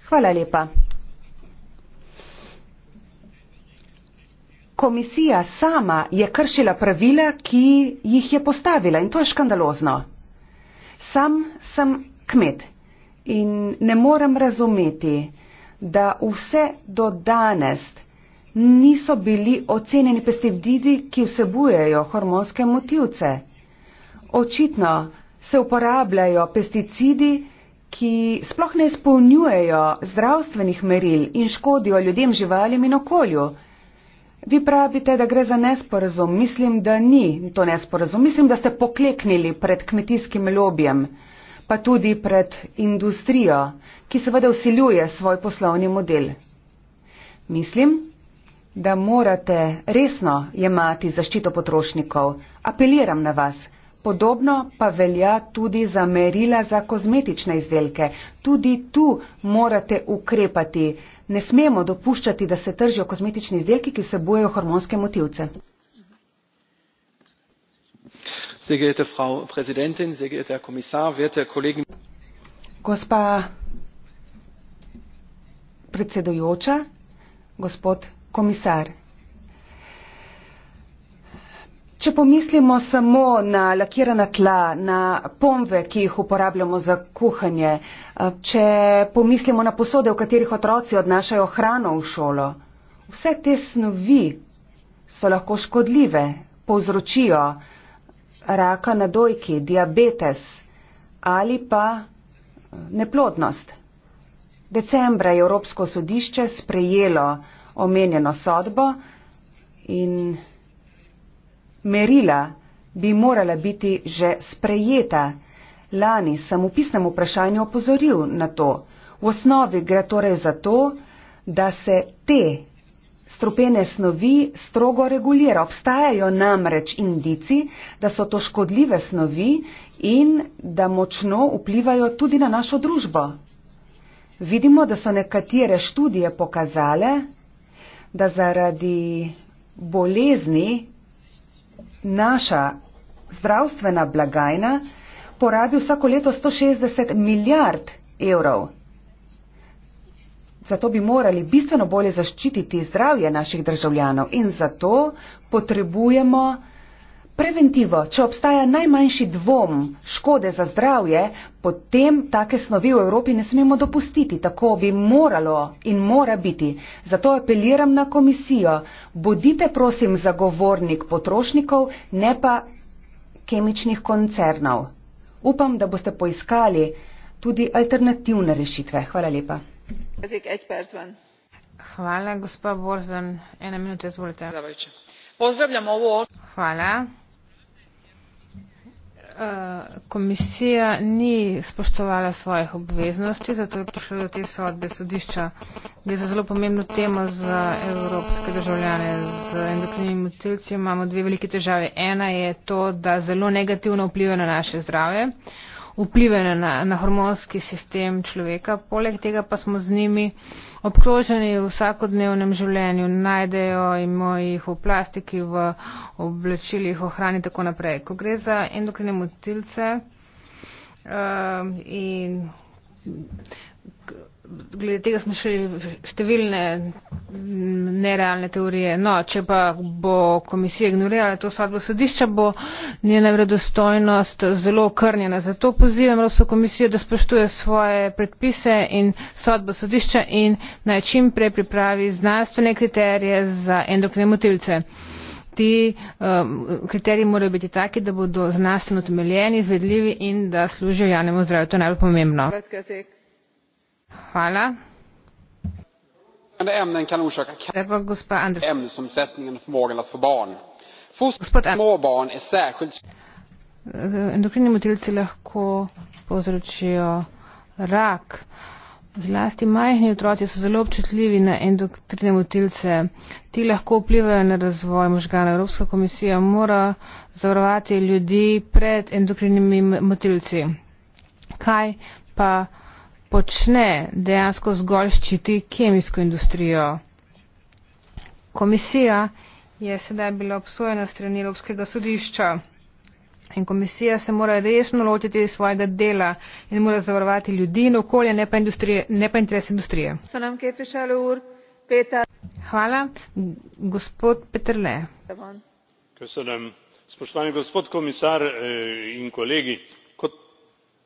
Hvala lepa. komisija sama je kršila pravila, ki jih je postavila in to je škandalozno. Sam sem kmet in ne morem razumeti, da vse do danes niso bili ocenjeni pesticidi, ki vsebujejo hormonske motivce. Očitno se uporabljajo pesticidi, ki sploh ne izpolnjujejo zdravstvenih meril in škodijo ljudem, živalim in okolju. Vi pravite, da gre za nesporazum. Mislim, da ni to nesporazum. Mislim, da ste pokleknili pred kmetijskim lobijem, pa tudi pred industrijo, ki seveda usiljuje svoj poslovni model. Mislim, da morate resno jemati zaščito potrošnikov. Apeliram na vas. Podobno pa velja tudi za merila za kozmetične izdelke. Tudi tu morate ukrepati ne smemo dopuščati, da se tržijo kozmetični izdelki, ki se bojo hormonske motivce. Gospa predsedujoča, gospod komisar. Če pomislimo samo na lakirana tla, na pombe, ki jih uporabljamo za kuhanje, če pomislimo na posode, v katerih otroci odnašajo hrano v šolo, vse te snovi so lahko škodljive, povzročijo raka na dojki, diabetes ali pa neplodnost. Decembra je Evropsko sodišče sprejelo omenjeno sodbo in merila bi morala biti že sprejeta. Lani sem v pisnem vprašanju opozoril na to. V osnovi gre torej za to, da se te strupene snovi strogo regulira. Obstajajo namreč indici, da so to škodljive snovi in da močno vplivajo tudi na našo družbo. Vidimo, da so nekatere študije pokazale, da zaradi bolezni naša zdravstvena blagajna porabi vsako leto 160 milijard evrov. Zato bi morali bistveno bolje zaščititi zdravje naših državljanov in zato potrebujemo Preventivo, če obstaja najmanjši dvom škode za zdravje, potem take snovi v Evropi ne smemo dopustiti. Tako bi moralo in mora biti. Zato apeliram na komisijo, bodite prosim zagovornik potrošnikov, ne pa kemičnih koncernov. Upam, da boste poiskali tudi alternativne rešitve. Hvala lepa. Hvala, gospod Borzen. Ena minuta, izvolite. Pozdravljam ovo. Hvala. Eh, komisija ni spoštovala svojih obveznosti, zato je prišlo do te sodbe sodišča. Gre za zelo pomembno temo za evropske državljane z endokrinimi motilci. Imamo dve velike težave. Ena je to, da zelo negativno vplivajo na naše zdravje. Uh, vplivajo na, na hormonski sistem človeka. Poleg tega pa smo z njimi obkroženi v vsakodnevnem življenju, najdejo in jih v plastiki, v oblačilih, v hrani in tako naprej. Ko gre za endokrine motilce uh, in glede tega smo še številne nerealne teorije. No, če pa bo komisija ignorirala to sodbo sodišča, bo njena vredostojnost zelo okrnjena. Zato pozivam Evropsko komisijo, da spoštuje svoje predpise in sodbo sodišča in naj čim prej pripravi znanstvene kriterije za endokrine motilce. Ti um, kriteriji morajo biti taki, da bodo znanstveno utemeljeni, izvedljivi in da služijo javnemu zdravju. To je najbolj pomembno. Hvala förebyggande ämnen kan orsaka cancer ämnesomsättningen och förmågan att få barn. Foster till små barn är särskilt eh, Endokrine motilci lahko povzročijo rak. Zlasti majhni otroci so zelo občutljivi na endokrine motilce. Ti lahko vplivajo na razvoj možgana. Evropska komisija mora zavarovati ljudi pred endokrinimi motilci. Kaj pa počne, dejansko zgolj ščiti kemijsko industrijo. Komisija je sedaj bila obsojena strani Evropskega sodišča in komisija se mora resno lotiti svojega dela in mora zavarovati ljudi in okolje, ne pa, ne pa interes industrije. Hvala, gospod Petrle. Spoštovani gospod komisar eh, in kolegi,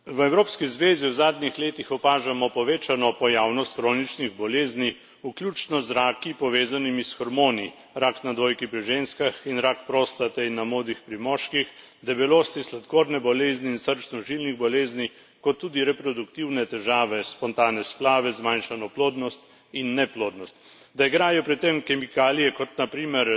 v evropski zvezi v zadnjih letih opažamo povečano pojavnost kroničnih bolezni vključno z raki povezanimi s hormoni rak na dojki pri ženskah in rak prostate in na modih pri moških debelosti sladkorne bolezni in srčno žilnih bolezni kot tudi reproduktivne težave spontane splave zmanjšano plodnost in neplodnost da igrajo pri tem kemikalije kot na primer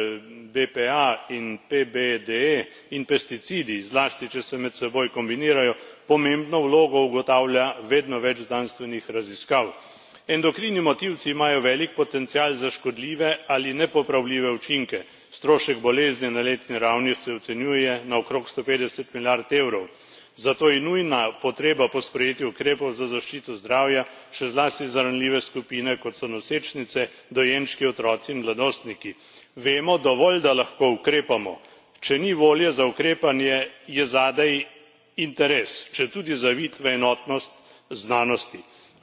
bpa in pbde in pesticidi zlasti če se med seboj kombinirajo pomembno vlogo ugotavlja vedno več znanstvenih raziskav. endokrini motilci imajo velik potencial za škodljive ali nepopravljive učinke strošek bolezni na letni ravni se ocenjuje na okrog sto petdeset milijard evrov zato je nujna potreba po sprejetju ukrepov za zaščito zdravja še zlasti za ranljive skupine kot so nosečnice dojenčki otroci in mladostniki. vemo dovolj da lahko ukrepamo če ni volje za ukrepanje je zadaj interes četudi zavit v enotnost znanosti.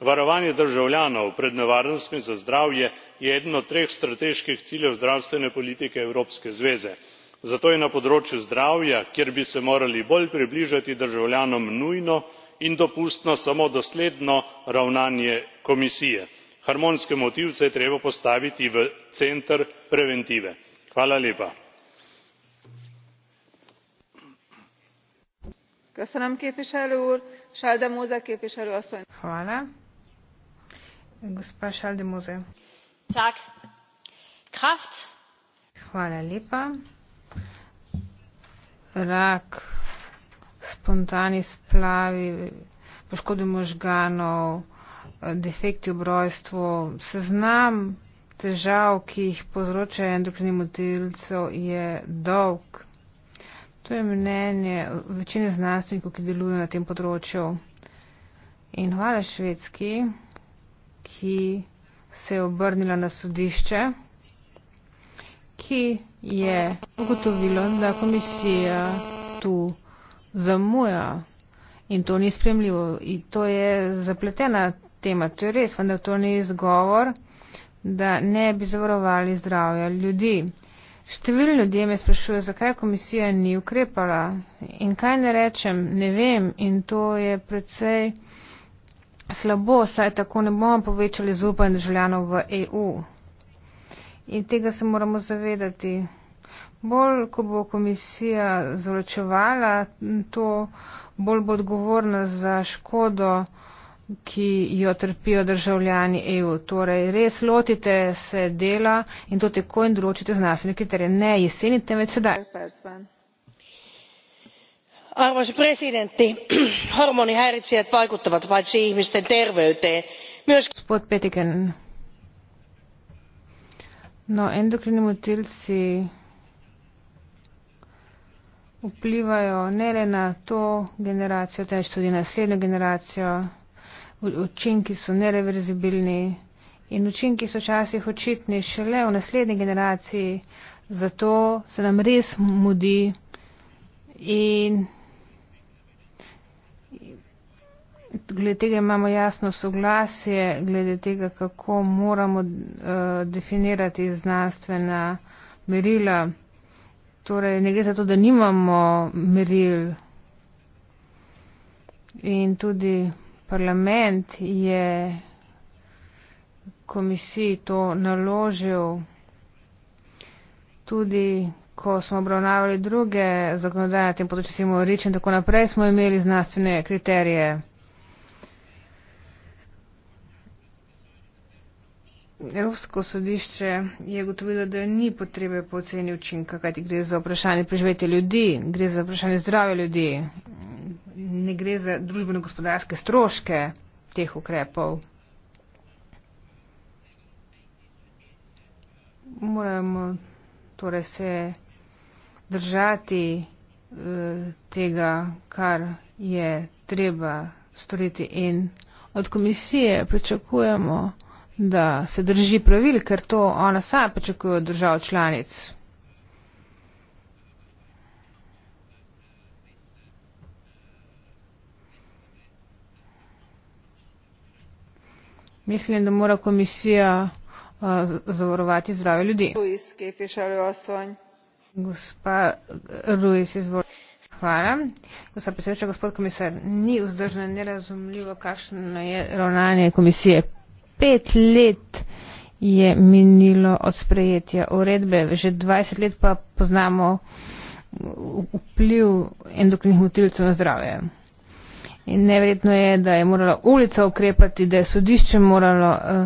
varovanje državljanov pred nevarnostmi za zdravje je eden od treh strateških ciljev zdravstvene politike evropske zveze zato je na področju zdravja kjer bi se morali bolj približati državljanom nujno in dopustno samo dosledno ravnanje komisije harmonske motilce je treba postaviti v center preventive rak, spontani splavi, poškodbe možganov, defekti ob rojstvu, seznam težav, ki jih povzročajo endokrini motilcev, je dolg. To je mnenje večine znanstvenikov, ki delujejo na tem področju. In hvala Švedski, ki se je obrnila na sodišče ki je ugotovilo, da komisija tu zamuja in to ni spremljivo. In to je zapletena tema, to je res, vendar to ni izgovor, da ne bi zavarovali zdravja ljudi. Številni ljudje me sprašujejo, zakaj komisija ni ukrepala in kaj ne rečem, ne vem in to je predvsej slabo, saj tako ne bomo povečali zaupanja državljanov v EU in tega se moramo zavedati. Bolj, ko bo komisija zločevala, to bolj bo odgovorna za škodo, ki jo trpijo državljani EU. Torej, res lotite se dela in to tako in določite znanstvene kriterije. Ne jeseni, temveč sedaj. Arvoisa presidentti, hormonihäiritsijät vaikuttavat paitsi ihmisten terveyteen, myös... Spot Petiken. No, endokrini motilci vplivajo ne le na to generacijo, temveč tudi na naslednjo generacijo. Učinki so nereverzibilni in učinki so včasih očitni šele v naslednji generaciji, zato se nam res mudi in glede tega imamo jasno soglasje, glede tega, kako moramo uh, definirati znanstvena merila. Torej, ne gre za to, da nimamo meril. In tudi parlament je komisiji to naložil. Tudi, ko smo obravnavali druge zakonodaje na tem področju, recimo REACH in tako naprej, smo imeli znanstvene kriterije. Evropsko sodišče je gotovilo, da ni potrebe po oceni učinka, kajti gre za vprašanje preživetja ljudi, gre za vprašanje zdravja ljudi, ne gre za družbeno-gospodarske stroške teh ukrepov. Moramo torej se držati eh, tega, kar je treba storiti in od komisije pričakujemo, da se drži pravil, ker to ona sama pričakuje od držav članic. Mislim, da mora komisija uh, zavarovati zdrave ljudi. Gospa Ruiz, izvolite. Hvala. Gospa predsedujoča, gospod komisar, ni vzdržno in nerazumljivo, kakšno je ravnanje komisije pet let je minilo od sprejetja uredbe, že 20 let pa poznamo vpliv endokrinih motilcev na zdravje. In neverjetno je, da je morala ulica ukrepati, da je sodišče moralo uh,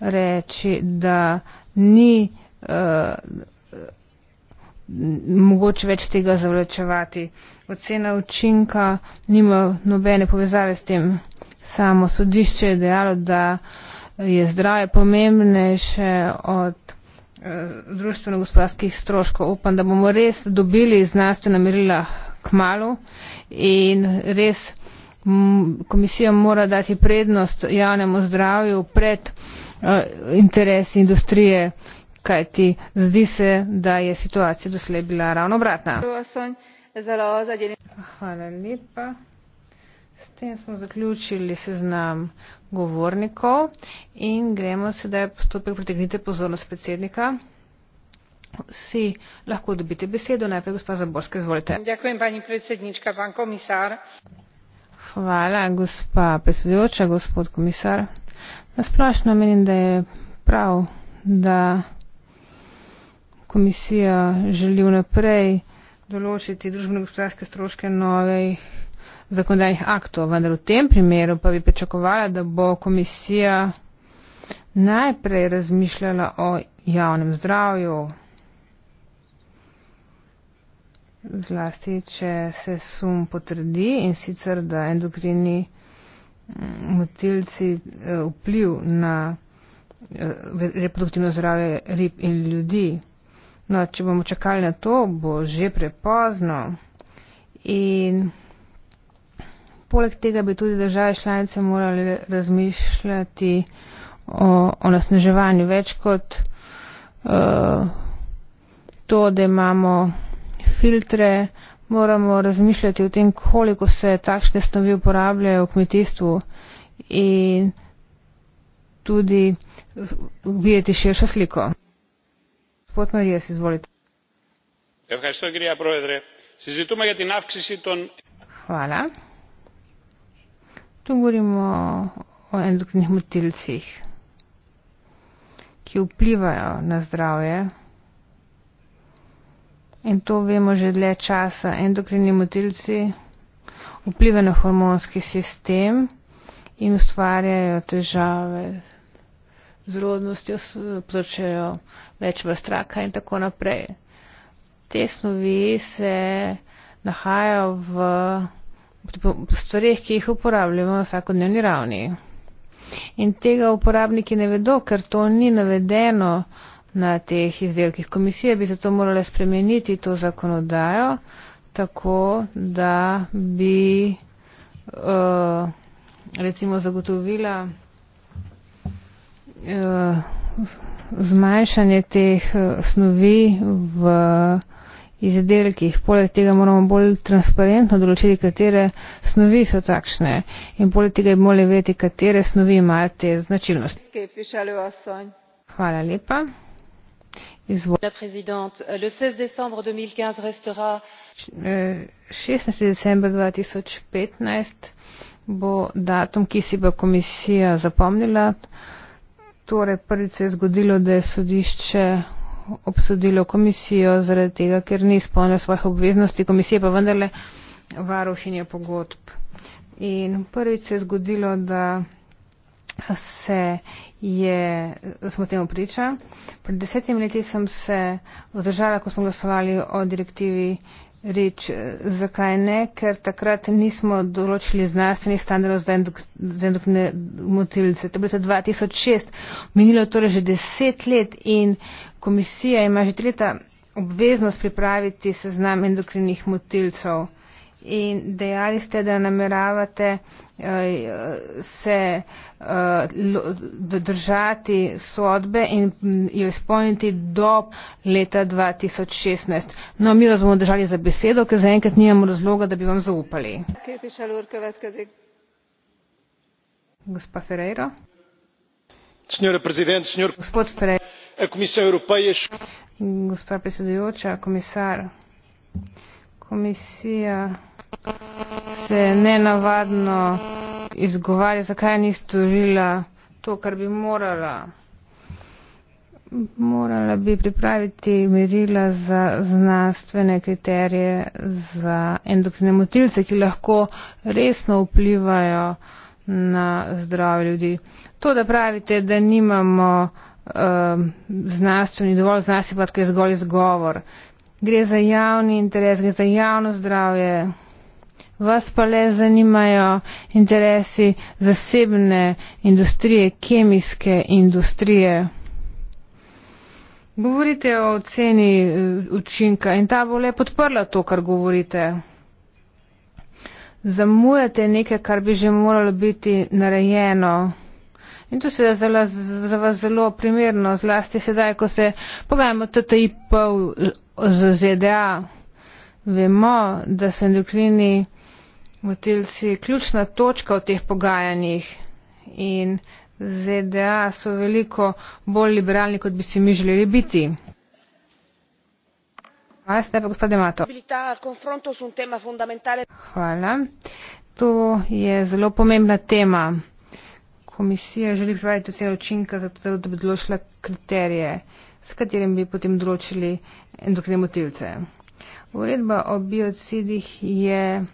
reči, da ni uh, mogoče več tega zavlačevati. Ocena učinka nima nobene povezave s tem. Samo sodišče je dejalo, da uh, je zdravje pomembnejše od eh, društveno-gospodarskih stroškov. Upam, da bomo res dobili znanstvena merila k malu in res komisija mora dati prednost javnemu zdravju pred eh, interesi industrije, kajti zdi se, da je situacija doslej bila ravno obratna. Hvala lepa. S tem smo zaključili seznam govornikov in gremo sedaj postopek pritegnite pozornost predsednika. Vsi lahko dobite besedo, najprej gospa Zaborska, izvolite. Dakujem, pani predsednička, pan komisar. Hvala, gospa predsedujoča, gospod komisar. Nasplošno menim, da je prav, da komisija želi vnaprej določiti družbeno-gospodarske stroške novej zakonodajnih aktov, vendar v tem primeru pa bi pričakovala, da bo komisija najprej razmišljala o javnem zdravju, zlasti če se sum potrdi in sicer, da endokrini mm, motilci eh, vpliv na eh, reproduktivno zdravje rib in ljudi. No, če bomo čakali na to, bo že prepozno. In poleg tega bi tudi države članice morali razmišljati o, o nasneževanju več kot uh, to, da imamo filtre, moramo razmišljati o tem, koliko se takšne snovi uporabljajo v kmetijstvu in tudi videti širšo sliko. Gospod Marijas, izvolite. Hvala. Tu govorimo o endokrinih motilcih, ki vplivajo na zdravje. In to vemo že dlje časa. Endokrini motilci vplivajo na hormonski sistem in ustvarjajo težave z rodnostjo, povzročajo več vrst raka in tako naprej. Te snovi se nahajajo v stvarih, ki jih uporabljamo na vsakodnevni ravni. In tega uporabniki ne vedo, ker to ni navedeno na teh izdelkih. Komisija bi zato morala spremeniti to zakonodajo, tako da bi uh, recimo zagotovila uh, zmanjšanje teh uh, snovi v. Uh, izdelkih. Poleg tega moramo bolj transparentno določiti, katere snovi so takšne in poleg tega bi morali vedeti, katere snovi imajo te značilnosti. Hvala lepa. Izvolite. 16. decembra 2015 bo datum, ki si bo komisija zapomnila. Torej, prvi se je zgodilo, da je sodišče obsodilo komisijo zaradi tega, ker ni izpolnil svojih obveznosti, komisija pa vendarle varuhinje pogodb. In prvič se je zgodilo, da se je, smo temu priča. Pred desetimi leti sem se vzdržala, ko smo glasovali o direktivi reč, eh, zakaj ne, ker takrat nismo določili znanstvenih standardov za, endok za endokrine motilice. To je bilo 2006, minilo je torej že deset let in komisija ima že tri leta obveznost pripraviti seznam endokrinih motilcev in dejali ste, da nameravate eh, se eh, držati sodbe in mm, jo izpolniti do leta 2016. No, mi vas bomo držali za besedo, ker zaenkrat nimamo razloga, da bi vam zaupali. Gospa Ferreira. Gospod Ferreira. Gospa predsedujoča, komisar. Komisija se nenavadno izgovarja, zakaj ni storila to, kar bi morala. Morala bi pripraviti merila za znanstvene kriterije za endokrine motilce, ki lahko resno vplivajo na zdravje ljudi. To, da pravite, da nimamo uh, znanstveni, dovolj znanstveni, pa to je zgolj izgovor. Gre za javni interes, gre za javno zdravje Vas pa le zanimajo interesi zasebne industrije, kemijske industrije. Govorite o ceni eh, učinka in ta bo le podprla to, kar govorite. Zamujate nekaj, kar bi že moralo biti narejeno. In to seveda za, za vas zelo primerno, zlasti sedaj, ko se pogajamo TTIP-ov z ZDA. Vemo, da so endokrini Motil si ključna točka v teh pogajanjih in ZDA so veliko bolj liberalni, kot bi si mi želeli biti. Hvala, ste pa gospod Demato. Hvala. To je zelo pomembna tema. Komisija želi pripraviti ocene učinka, zato da bi določila kriterije, s katerim bi potem določili endokrine motilce. Uredba o biocidih je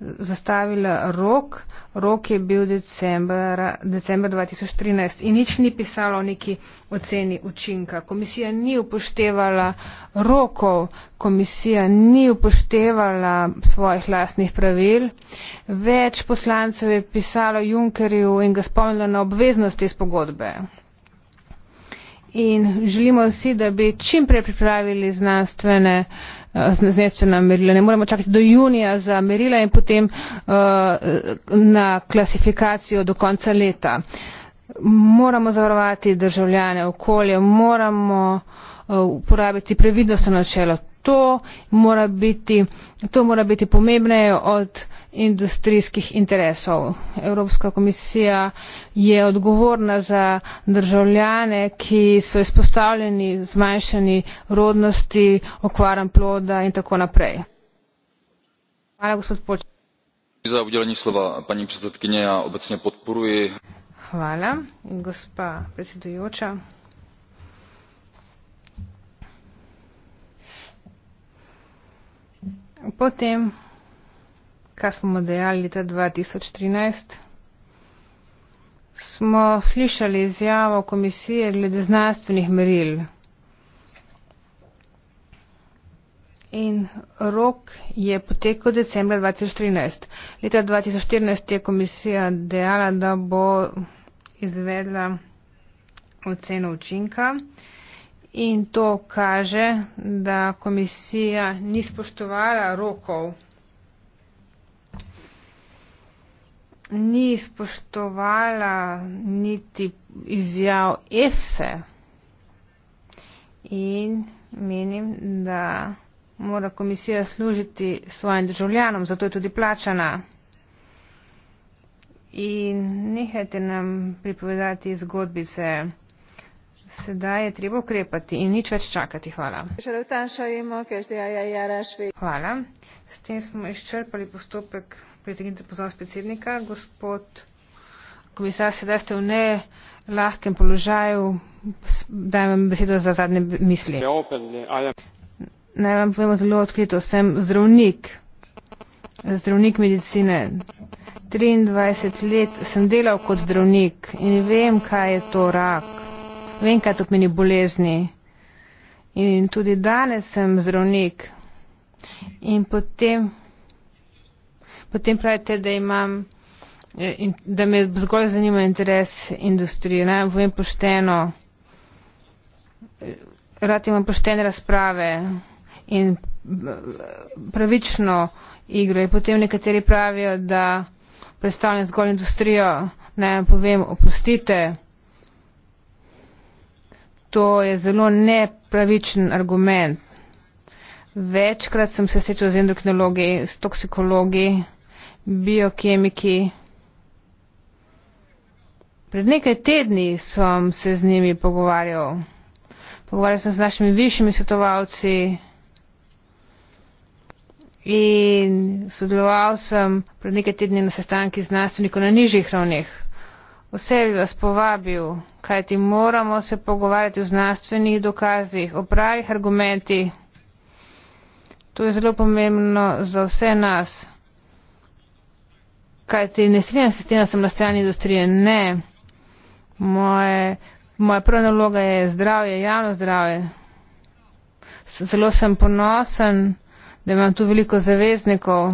zastavila rok. Rok je bil decembra, decembra 2013 in nič ni pisalo o neki oceni učinka. Komisija ni upoštevala rokov, komisija ni upoštevala svojih lastnih pravil. Več poslancev je pisalo Junkerju in ga spomnilo na obveznosti iz pogodbe in želimo vsi, da bi čim prej pripravili znanstvene, eh, znanstvena merila. Ne moremo čakati do junija za merila in potem eh, na klasifikacijo do konca leta. Moramo zavarovati državljane okolje, moramo eh, uporabiti previdnostno načelo to mora biti, to mora biti pomembneje od industrijskih interesov. Evropska komisija je odgovorna za državljane, ki so izpostavljeni zmanjšani rodnosti, okvaram ploda in tako naprej. Hvala, gospod Poč. Za udelanje slova, pani predsednica, ja obecne podporuji. Hvala, gospa predsedujoča. Potem, kar smo dejali leta 2013, smo slišali izjavo komisije glede znanstvenih meril. In rok je potekel decembra 2013. Leta 2014 je komisija dejala, da bo izvedla oceno učinka. Leta in to kaže, da komisija ni spoštovala rokov. Ni spoštovala niti izjav EFSE in menim, da mora komisija služiti svojim državljanom, zato je tudi plačana. In nehajte nam pripovedati zgodbice. Sedaj je treba ukrepati in nič več čakati. Hvala. Hvala. S tem smo izčrpali postopek pritegnite pozornost predsednika. Gospod komisar, sedaj ste v nelahkem položaju. Daj vam besedo za zadnje misli. Naj vam povem zelo odkrito, sem zdravnik, zdravnik medicine. 23 let sem delal kot zdravnik in vem, kaj je to rak vem, kaj to pomeni bolezni. In tudi danes sem zdravnik. In potem, potem pravite, da imam, eh, in, da me zgolj zanima interes industrije. Naj vam povem pošteno, eh, rad imam poštene razprave in eh, pravično igro. In potem nekateri pravijo, da predstavljam zgolj industrijo. Naj vam povem, opustite to je zelo nepravičen argument. Večkrat sem se srečal z endokrinologi, s toksikologi, biokemiki. Pred nekaj tedni sem se z njimi pogovarjal. Pogovarjal sem se z našimi višjimi svetovalci in sodeloval sem pred nekaj tedni na sestanki z znanstveniki na nižjih ravneh. Vse bi vas povabil, kajti moramo se pogovarjati o znanstvenih dokazih, o pravih argumentih. To je zelo pomembno za vse nas. Kajti ne strinjam se s tem, da sem na strani industrije. Ne. Moje, moja prva naloga je zdravje, javno zdravje. Zelo sem ponosen, da imam tu veliko zaveznikov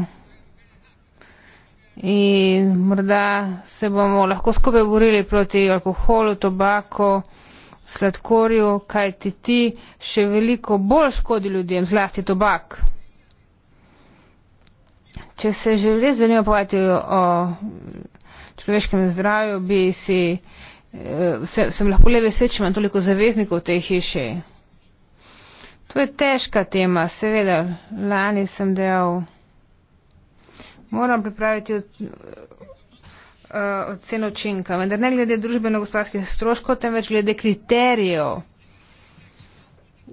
in morda se bomo lahko skupaj borili proti alkoholu, tobako, sladkorju, kaj ti ti še veliko bolj škodi ljudem, zlasti tobak. Če se že res zanima povedati o človeškem zdravju, bi si, eh, se, sem lahko le vesel, če imam toliko zaveznikov v tej hiši. To je težka tema, seveda. Lani sem delal moram pripraviti od, uh, oceno učinka, vendar ne glede družbeno-gospodarskih stroškov, temveč glede kriterijev,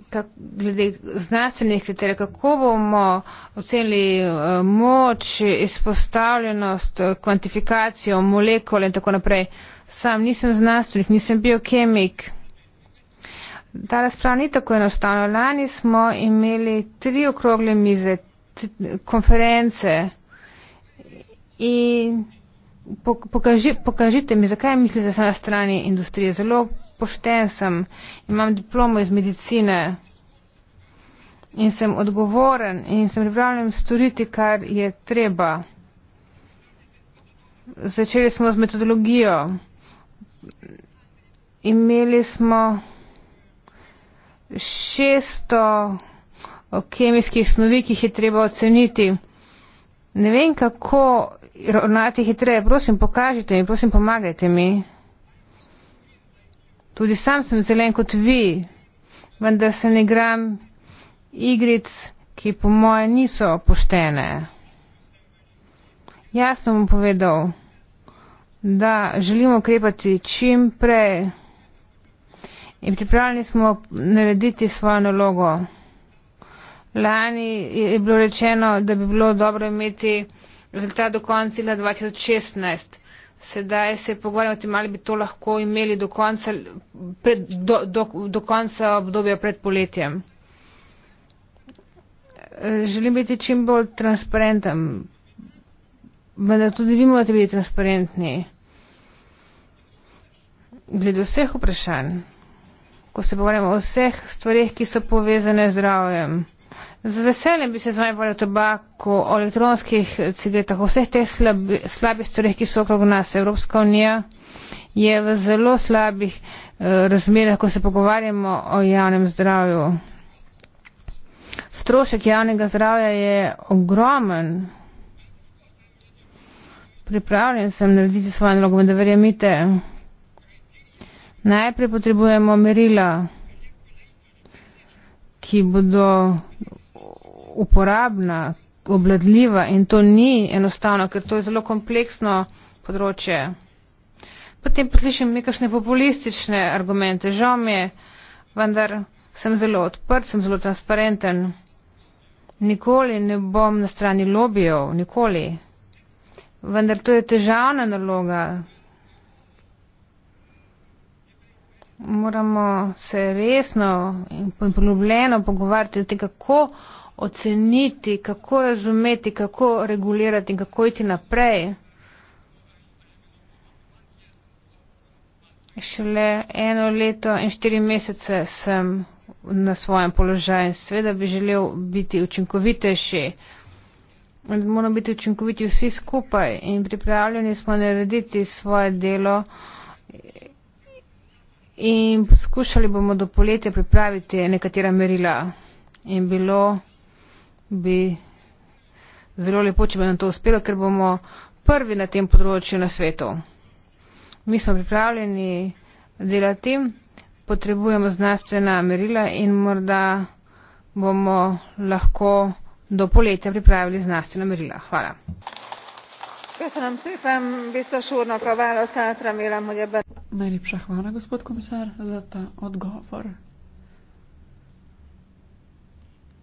kak, glede znanstvenih kriterijev, kako bomo ocenili uh, moč, izpostavljenost, kvantifikacijo molekul in tako naprej. Sam nisem znanstvenik, nisem biokemik. Ta razprava ni tako enostavna. Lani smo imeli tri okrogle mize, konference. I pokaži, pokažite mi, zakaj mislite, da sem na strani industrije. Zelo pošten sem, imam diplomo iz medicine in sem odgovoren in sem pripravljen storiti, kar je treba. Začeli smo z metodologijo. Imeli smo 600 kemijskih snovi, ki jih je treba oceniti. Ne vem, kako ravnati hitreje. Prosim, pokažite mi, prosim, pomagajte mi. Tudi sam sem zelen kot vi, vendar se ne gram igric, ki po moje niso poštene. Jasno bom povedal, da želimo ukrepati čim prej in pripravljeni smo narediti svojo nalogo. Lani je bilo rečeno, da bi bilo dobro imeti rezultat do konca leta 2016. Sedaj se pogovarjamo o tem, ali bi to lahko imeli do konca, pred, do, do, do konca obdobja pred poletjem. Želim biti čim bolj transparenten, vendar tudi vi morate biti transparentni. Glede vseh vprašanj, ko se pogovarjamo o vseh stvarih, ki so povezane z zdravjem. Z veseljem bi se z vami povedal o tobaku, o elektronskih cigaretah, o vseh teh slabih slabi stvarih, ki so okrog nas. Evropska unija je v zelo slabih eh, razmerah, ko se pogovarjamo o javnem zdravju. Strošek javnega zdravja je ogromen. Pripravljen sem narediti svojo nalogo, da verjamite. Najprej potrebujemo merila, ki bodo uporabna, obladljiva in to ni enostavno, ker to je zelo kompleksno področje. Potem poslišim nekašne populistične argumente. Žal mi je, vendar sem zelo odprt, sem zelo transparenten. Nikoli ne bom na strani lobijev, nikoli. Vendar to je težavna naloga. Moramo se resno in ponobljeno pogovarjati o tem, kako oceniti, kako razumeti, kako regulirati in kako iti naprej. Šele eno leto in štiri mesece sem na svojem položaju in sveda bi želel biti učinkovitejši. Moramo biti učinkoviti vsi skupaj in pripravljeni smo narediti svoje delo in poskušali bomo do poletja pripraviti nekatera merila. In bilo bi zelo lepo, če bi nam to uspelo, ker bomo prvi na tem področju na svetu. Mi smo pripravljeni delati, potrebujemo znanstvena merila in morda bomo lahko do poletja pripravili znanstvena merila. Hvala. Köszönöm szépen, biztos úrnak a választ, átremélem, hogy ebben. Najlepša hvala, gospod komisár, za ta odgovor.